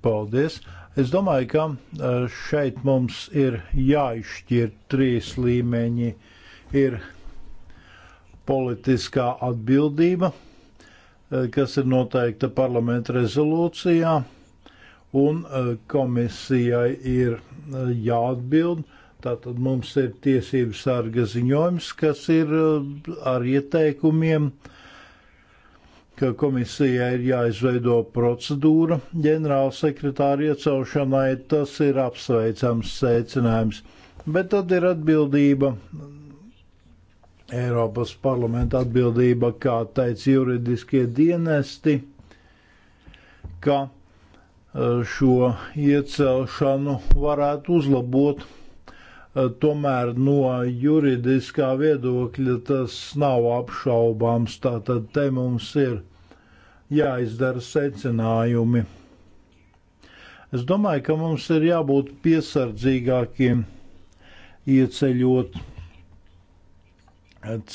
Paldies! Es domāju, ka e, šeit mums ir jāizšķir trīs līmeņi. Ir politiskā atbildība, e, kas ir noteikta parlamenta rezolūcijā, un e, komisijai ir jāatbild. Tātad mums ir tiesības sarga ziņojums, kas ir ar ieteikumiem uh, ka komisijai ir jāizveido procedūra ģenerāla sekretāra iecelšanai, tas ir apsveicams secinājums. Bet tad ir atbildība, Eiropas parlamenta atbildība, kā teica juridiskie dienesti, ka eh, šo iecelšanu varētu uzlabot Eh, tomēr no juridiskā viedokļa tas nav apšaubāms. Tātad te mums ir jāizdara secinājumi. Es domāju, ka mums ir jābūt piesardzīgākiem ieceļot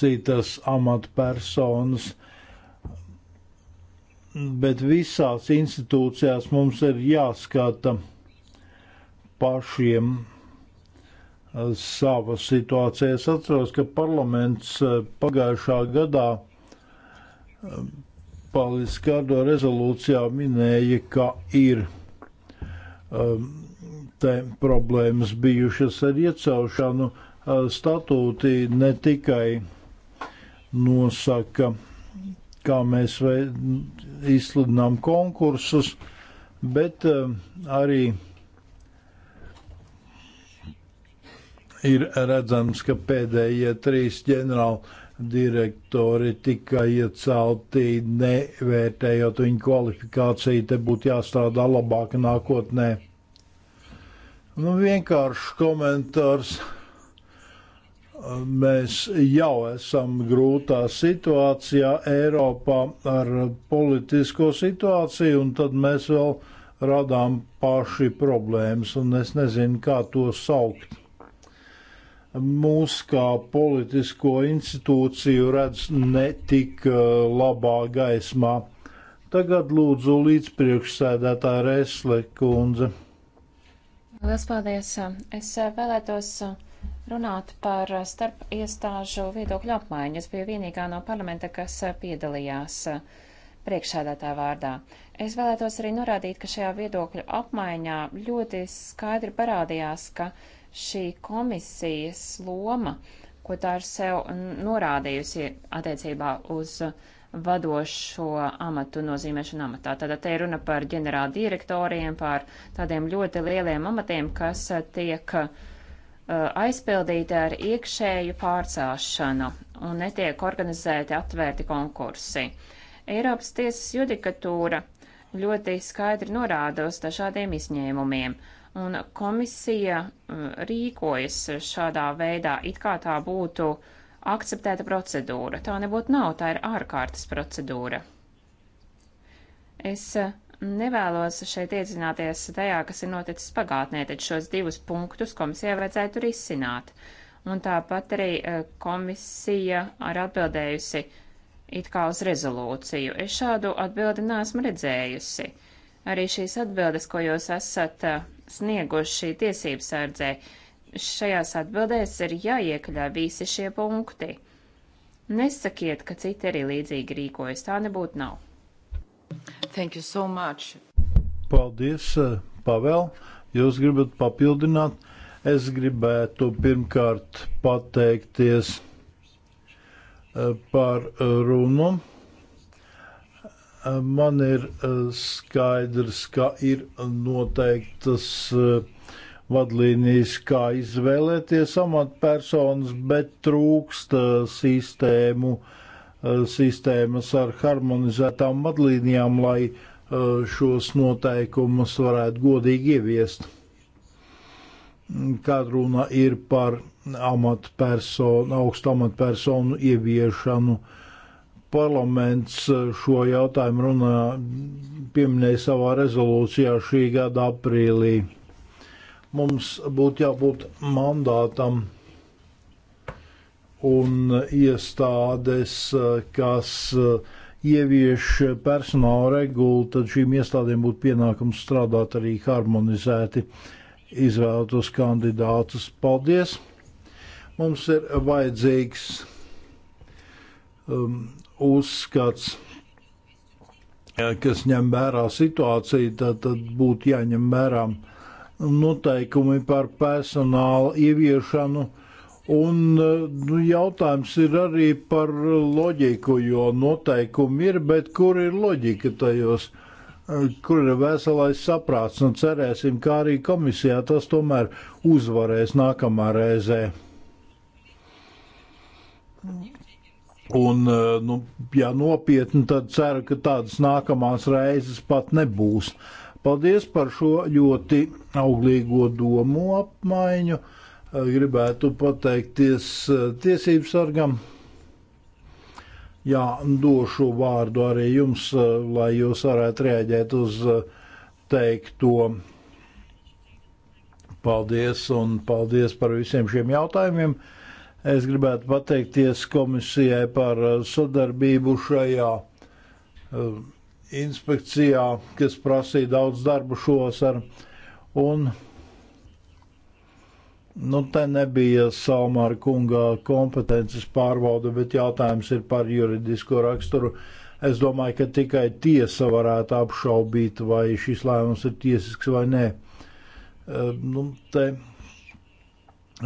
citas amatpersonas, bet visās institūcijās mums ir jāskata pašiem sava situācija. Es atceros, ka parlaments eh, pagājušā gadā eh, Pāvils Kārdo rezolūcijā minēja, ka ir um, te problēmas bijušas ar iecelšanu. Eh, statūti ne tikai nosaka, kā mēs izsludinām konkursus, bet um, arī uh, ir redzams, ka pēdējie trīs ģenerāli direktori tika iecelti nevērtējot viņu kvalifikāciju, te būtu jāstrādā labāk nākotnē. Nu, vienkārši komentārs. Mēs jau esam grūtā situācijā Eiropā ar politisko situāciju, un tad mēs vēl radām paši problēmas, un es nezinu, kā to saukt mūs kā politisko institūciju redz netik uh, labā gaismā. Tagad lūdzu līdzpriekšsēdētāja Resle kundze. Lielas paldies. Es uh, vēlētos uh, runāt par starp iestāžu viedokļu apmaiņu. Es biju vienīgā no parlamenta, kas piedalījās priekšsēdētāja vārdā. Es vēlētos arī norādīt, ka šajā viedokļu apmaiņā ļoti skaidri parādījās, ka uh, šī komisijas loma, ko tā ir sev norādījusi attiecībā uz vadošo amatu nozīmēšanu amatā. Tātad te ir runa par ģenerāla direktoriem, par tādiem ļoti lieliem amatiem, kas tiek uh, aizpildīti ar iekšēju pārcelšanu un netiek organizēti atvērti konkursi. Eiropas tiesas judikatūra ļoti skaidri norāda uz dažādiem izņēmumiem, un komisija mm, rīkojas šādā veidā, it kā tā būtu akceptēta procedūra. Tā nebūtu nav, tā ir ārkārtas procedūra. Es eh, nevēlos šeit iedzināties tajā, kas ir noticis pagātnē, tad šos divus punktus komisijai vajadzētu risināt. Un tāpat arī eh, komisija ir atbildējusi it kā uz rezolūciju. Es šādu atbildi neesmu redzējusi. Arī šīs atbildes, ko jūs esat eh, snieguši tiesības sardzē. Šajās atbildēs ir jāiekļā visi šie punkti. Nesakiet, ka citi arī līdzīgi rīkojas, tā nebūtu nav. Thank you so much. Paldies, eh, Pavel. Jūs gribat papildināt? Es gribētu pirmkārt pateikties eh, par eh, runu man ir e, skaidrs, ka ir noteiktas e, vadlīnijas, kā izvēlēties amatpersonas, bet trūkst e, sistēmu, sistēmas ar harmonizētām vadlīnijām, lai šos noteikumus varētu godīgi ieviest. Kad runa ir par amatpersonu, augstu amatpersonu ieviešanu, uh, parlaments eh, šo jautājumu runā, pieminēja savā rezolūcijā šī gada aprīlī. Mums būtu jābūt mandātam un iestādes, eh, kas eh, ievieš personāla regulu, tad šīm iestādēm būtu pienākums strādāt arī harmonizēti izvēlētos kandidātus. Paldies! Mums ir vajadzīgs um, uzskats, kas ņem vērā situāciju, tad, tad būtu jāņem vērā noteikumi par personāla ieviešanu. Un nu, jautājums ir arī par loģiku, jo noteikumi ir, bet kur ir loģika tajos, kur ir veselais saprāts? Nu, cerēsim, kā arī komisijā tas tomēr uzvarēs nākamā reizē. Un, eh, nu, ja nopietni, tad ceru, ka tādas nākamās reizes pat nebūs. Paldies par šo ļoti auglīgo domu apmaiņu. Eh, gribētu pateikties eh, tiesību sargam. Jā, došu vārdu arī jums, lai jūs varētu rēģēt uz teikto. Paldies un paldies par visiem šiem jautājumiem. Es gribētu pateikties komisijai par eh, sadarbību šajā eh, inspekcijā, kas prasīja daudz darbu šovasar. Un, nu, te nebija Salmāra kunga kompetences pārbauda, bet jautājums ir par juridisko raksturu. Es domāju, ka tikai tiesa varētu apšaubīt, vai šis lēmums ir tiesisks vai nē. Eh, nu, te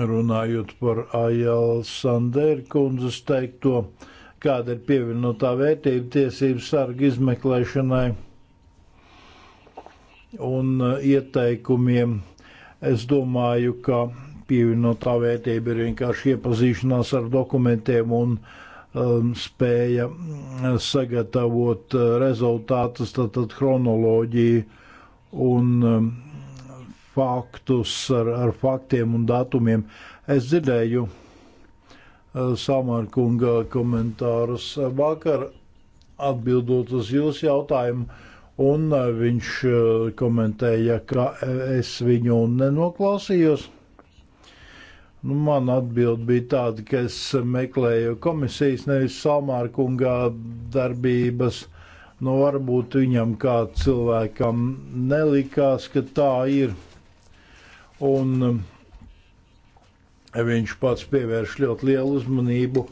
runājot par Ajālu Sandēru kundzes teikto, kāda ir pievienotā vērtība tiesību sargu izmeklēšanai un uh, ieteikumiem. Es domāju, ka pievienotā vērtība ir vienkārši iepazīšanās ar dokumentiem un um, spēja uh, sagatavot uh, rezultātus, tātad kronoloģiju un um, faktus ar, ar faktiem un datumiem. Es dzirdēju eh, Samārkunga komentārus eh, vakar atbildot uz jūsu jautājumu, un eh, viņš komentēja, ka es viņu nenoklausījos. Nu, man atbild bija tāda, ka es meklēju komisijas, nevis Samārkunga darbības. Nu, varbūt viņam kā cilvēkam nelikās, ka tā ir un um, viņš pats pievērš ļoti lielu uzmanību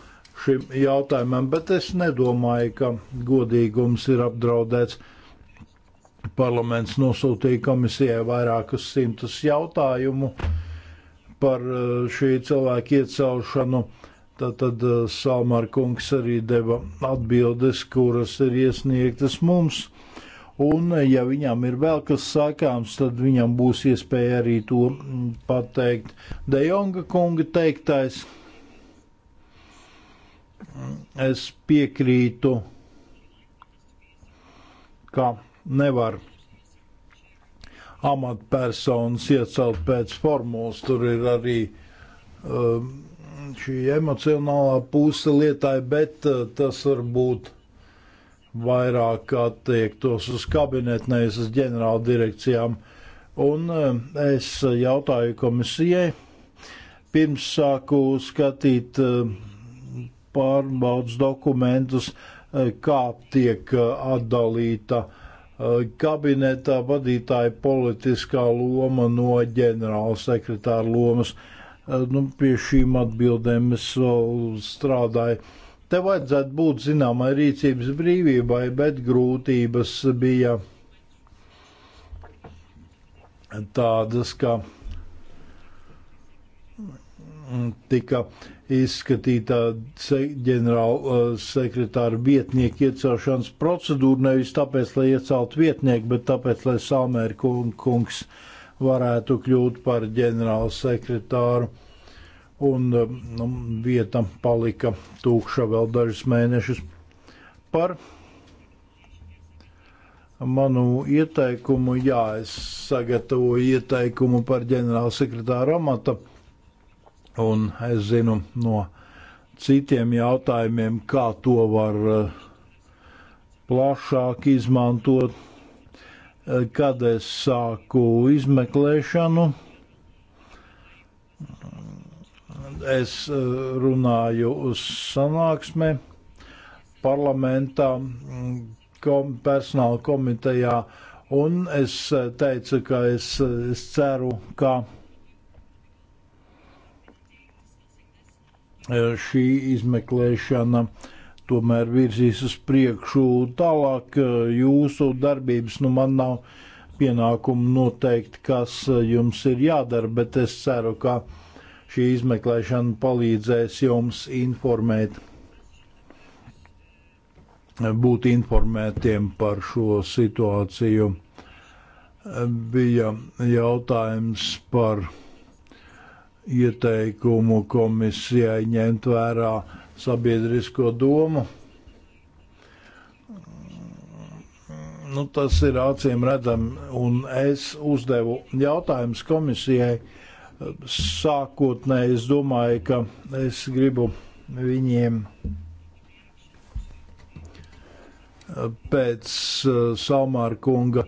šim jautājumam, bet es nedomāju, ka godīgums ir apdraudēts. Parlaments nosūtīja komisijai vairākus simtus jautājumu par uh, šī cilvēka iecelšanu. Tad, tad uh, Salmāra kungs arī deva atbildes, kuras ir iesniegtas mums. Un, ja viņam ir vēl kas sakāms, tad viņam būs iespēja arī to pateikt. De Jonga kunga teiktais, es piekrītu, ka nevar amatpersonas iecelt pēc formulas, tur ir arī um, šī emocionālā puse lietai, bet uh, tas var būt vairāk attiektos uz kabinetu, nevis uz ģenerāla direkcijām. Un eh, es jautāju komisijai, pirms sāku skatīt eh, pārbaudas dokumentus, eh, kā tiek atdalīta kabinetā vadītāja politiskā loma no ģenerāla sekretāra lomas. Nu, pie šīm atbildēm es vēl strādāju Te vajadzētu būt zināmai rīcības brīvībai, bet grūtības bija tādas, ka tika izskatīta ģenerāla uh, sekretāra vietnieka iecelšanas procedūra nevis tāpēc, lai ieceltu vietnieku, bet tāpēc, lai Salmēra kungs varētu kļūt par ģenerāla sekretāru un eh, nu, vieta palika tūkša vēl dažus mēnešus. Par manu ieteikumu, jā, es sagatavoju ieteikumu par ģenerāla sekretāra amata, un es zinu no citiem jautājumiem, kā to var eh, plašāk izmantot, eh, kad es sāku izmeklēšanu es eh, runāju uz sanāksmi parlamentā, mm, kom, personāla komitejā, un es eh, teicu, ka es, eh, es ceru, ka šī izmeklēšana tomēr virzīs uz priekšu tālāk jūsu darbības. Nu, man nav pienākumu noteikt, kas jums ir jādara, bet es ceru, ka Šī izmeklēšana palīdzēs jums informēt, būt informētiem par šo situāciju. Bija jautājums par ieteikumu komisijai ņemt vērā sabiedrisko domu. nu, tas ir acīm redzami. Un es uzdevu jautājumus komisijai, sākotnēji es domāju, ka es gribu viņiem pēc uh, Salmārkunga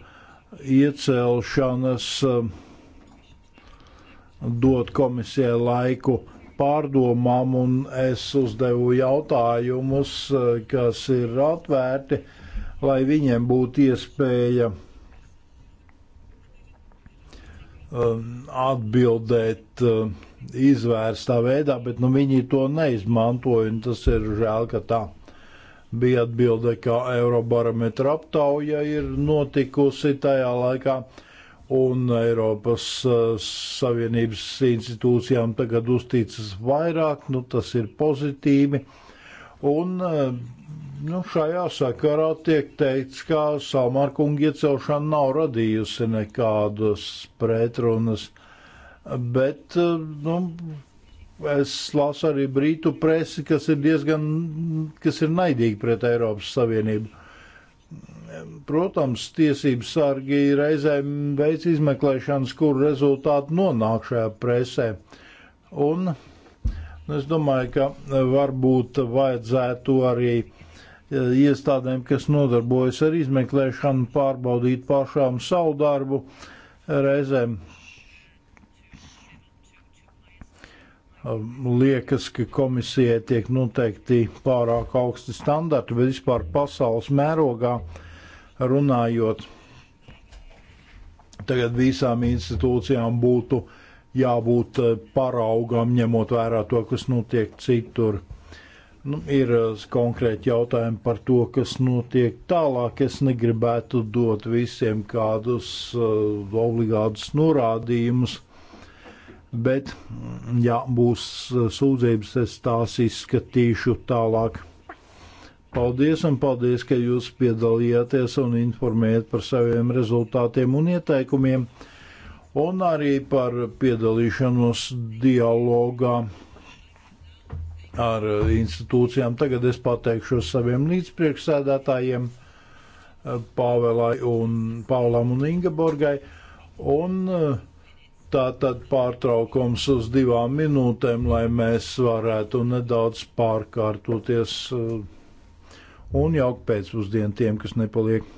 iecelšanas uh, dot komisijai laiku pārdomām, un es uzdevu jautājumus, uh, kas ir atvērti, lai viņiem būtu iespēja Um, atbildēt um, izvērstā veidā, bet nu, viņi to neizmantoja. Tas ir žēl, ka tā bija atbilde, kā Eirobarometra aptauja ir notikusi tajā laikā. Un Eiropas uh, Savienības institūcijām tagad uzticas vairāk, nu, tas ir pozitīvi. Un uh, Nu, šajā sakarā tiek teikts, ka Salmārkunga iecelšana nav radījusi nekādas pretrunas, bet nu, es lasu arī brītu presi, kas ir diezgan, kas ir naidīgi pret Eiropas Savienību. Protams, tiesības sargi reizēm veic izmeklēšanas, kur rezultāti nonāk šajā presē. Un es domāju, ka varbūt vajadzētu arī E, iestādēm, kas nodarbojas ar izmeklēšanu, pārbaudīt pašām savu darbu reizēm. Um, liekas, ka komisijai tiek noteikti pārāk augsti standarti, bet vispār pasaules mērogā runājot, tagad visām institūcijām būtu jābūt e, paraugām, ņemot vērā to, kas notiek citur. Nu Nu, ir uh, konkrēti jautājumi par to, kas notiek tālāk. Es negribētu dot visiem kādus uh, obligātus norādījumus, bet, mm, ja būs uh, sūdzības, es tās izskatīšu tālāk. Paldies un paldies, ka jūs piedalījāties un informējat par saviem rezultātiem un ieteikumiem, un arī par piedalīšanos dialogā ar eh, institūcijām. Tagad es pateikšos saviem līdzpriekšsēdētājiem eh, Pāvēlai un Pāvlam un Ingeborgai. Un eh, tā tad pārtraukums uz divām minūtēm, lai mēs varētu nedaudz pārkārtoties. Un jauka pēcpusdiena tiem, kas nepaliek.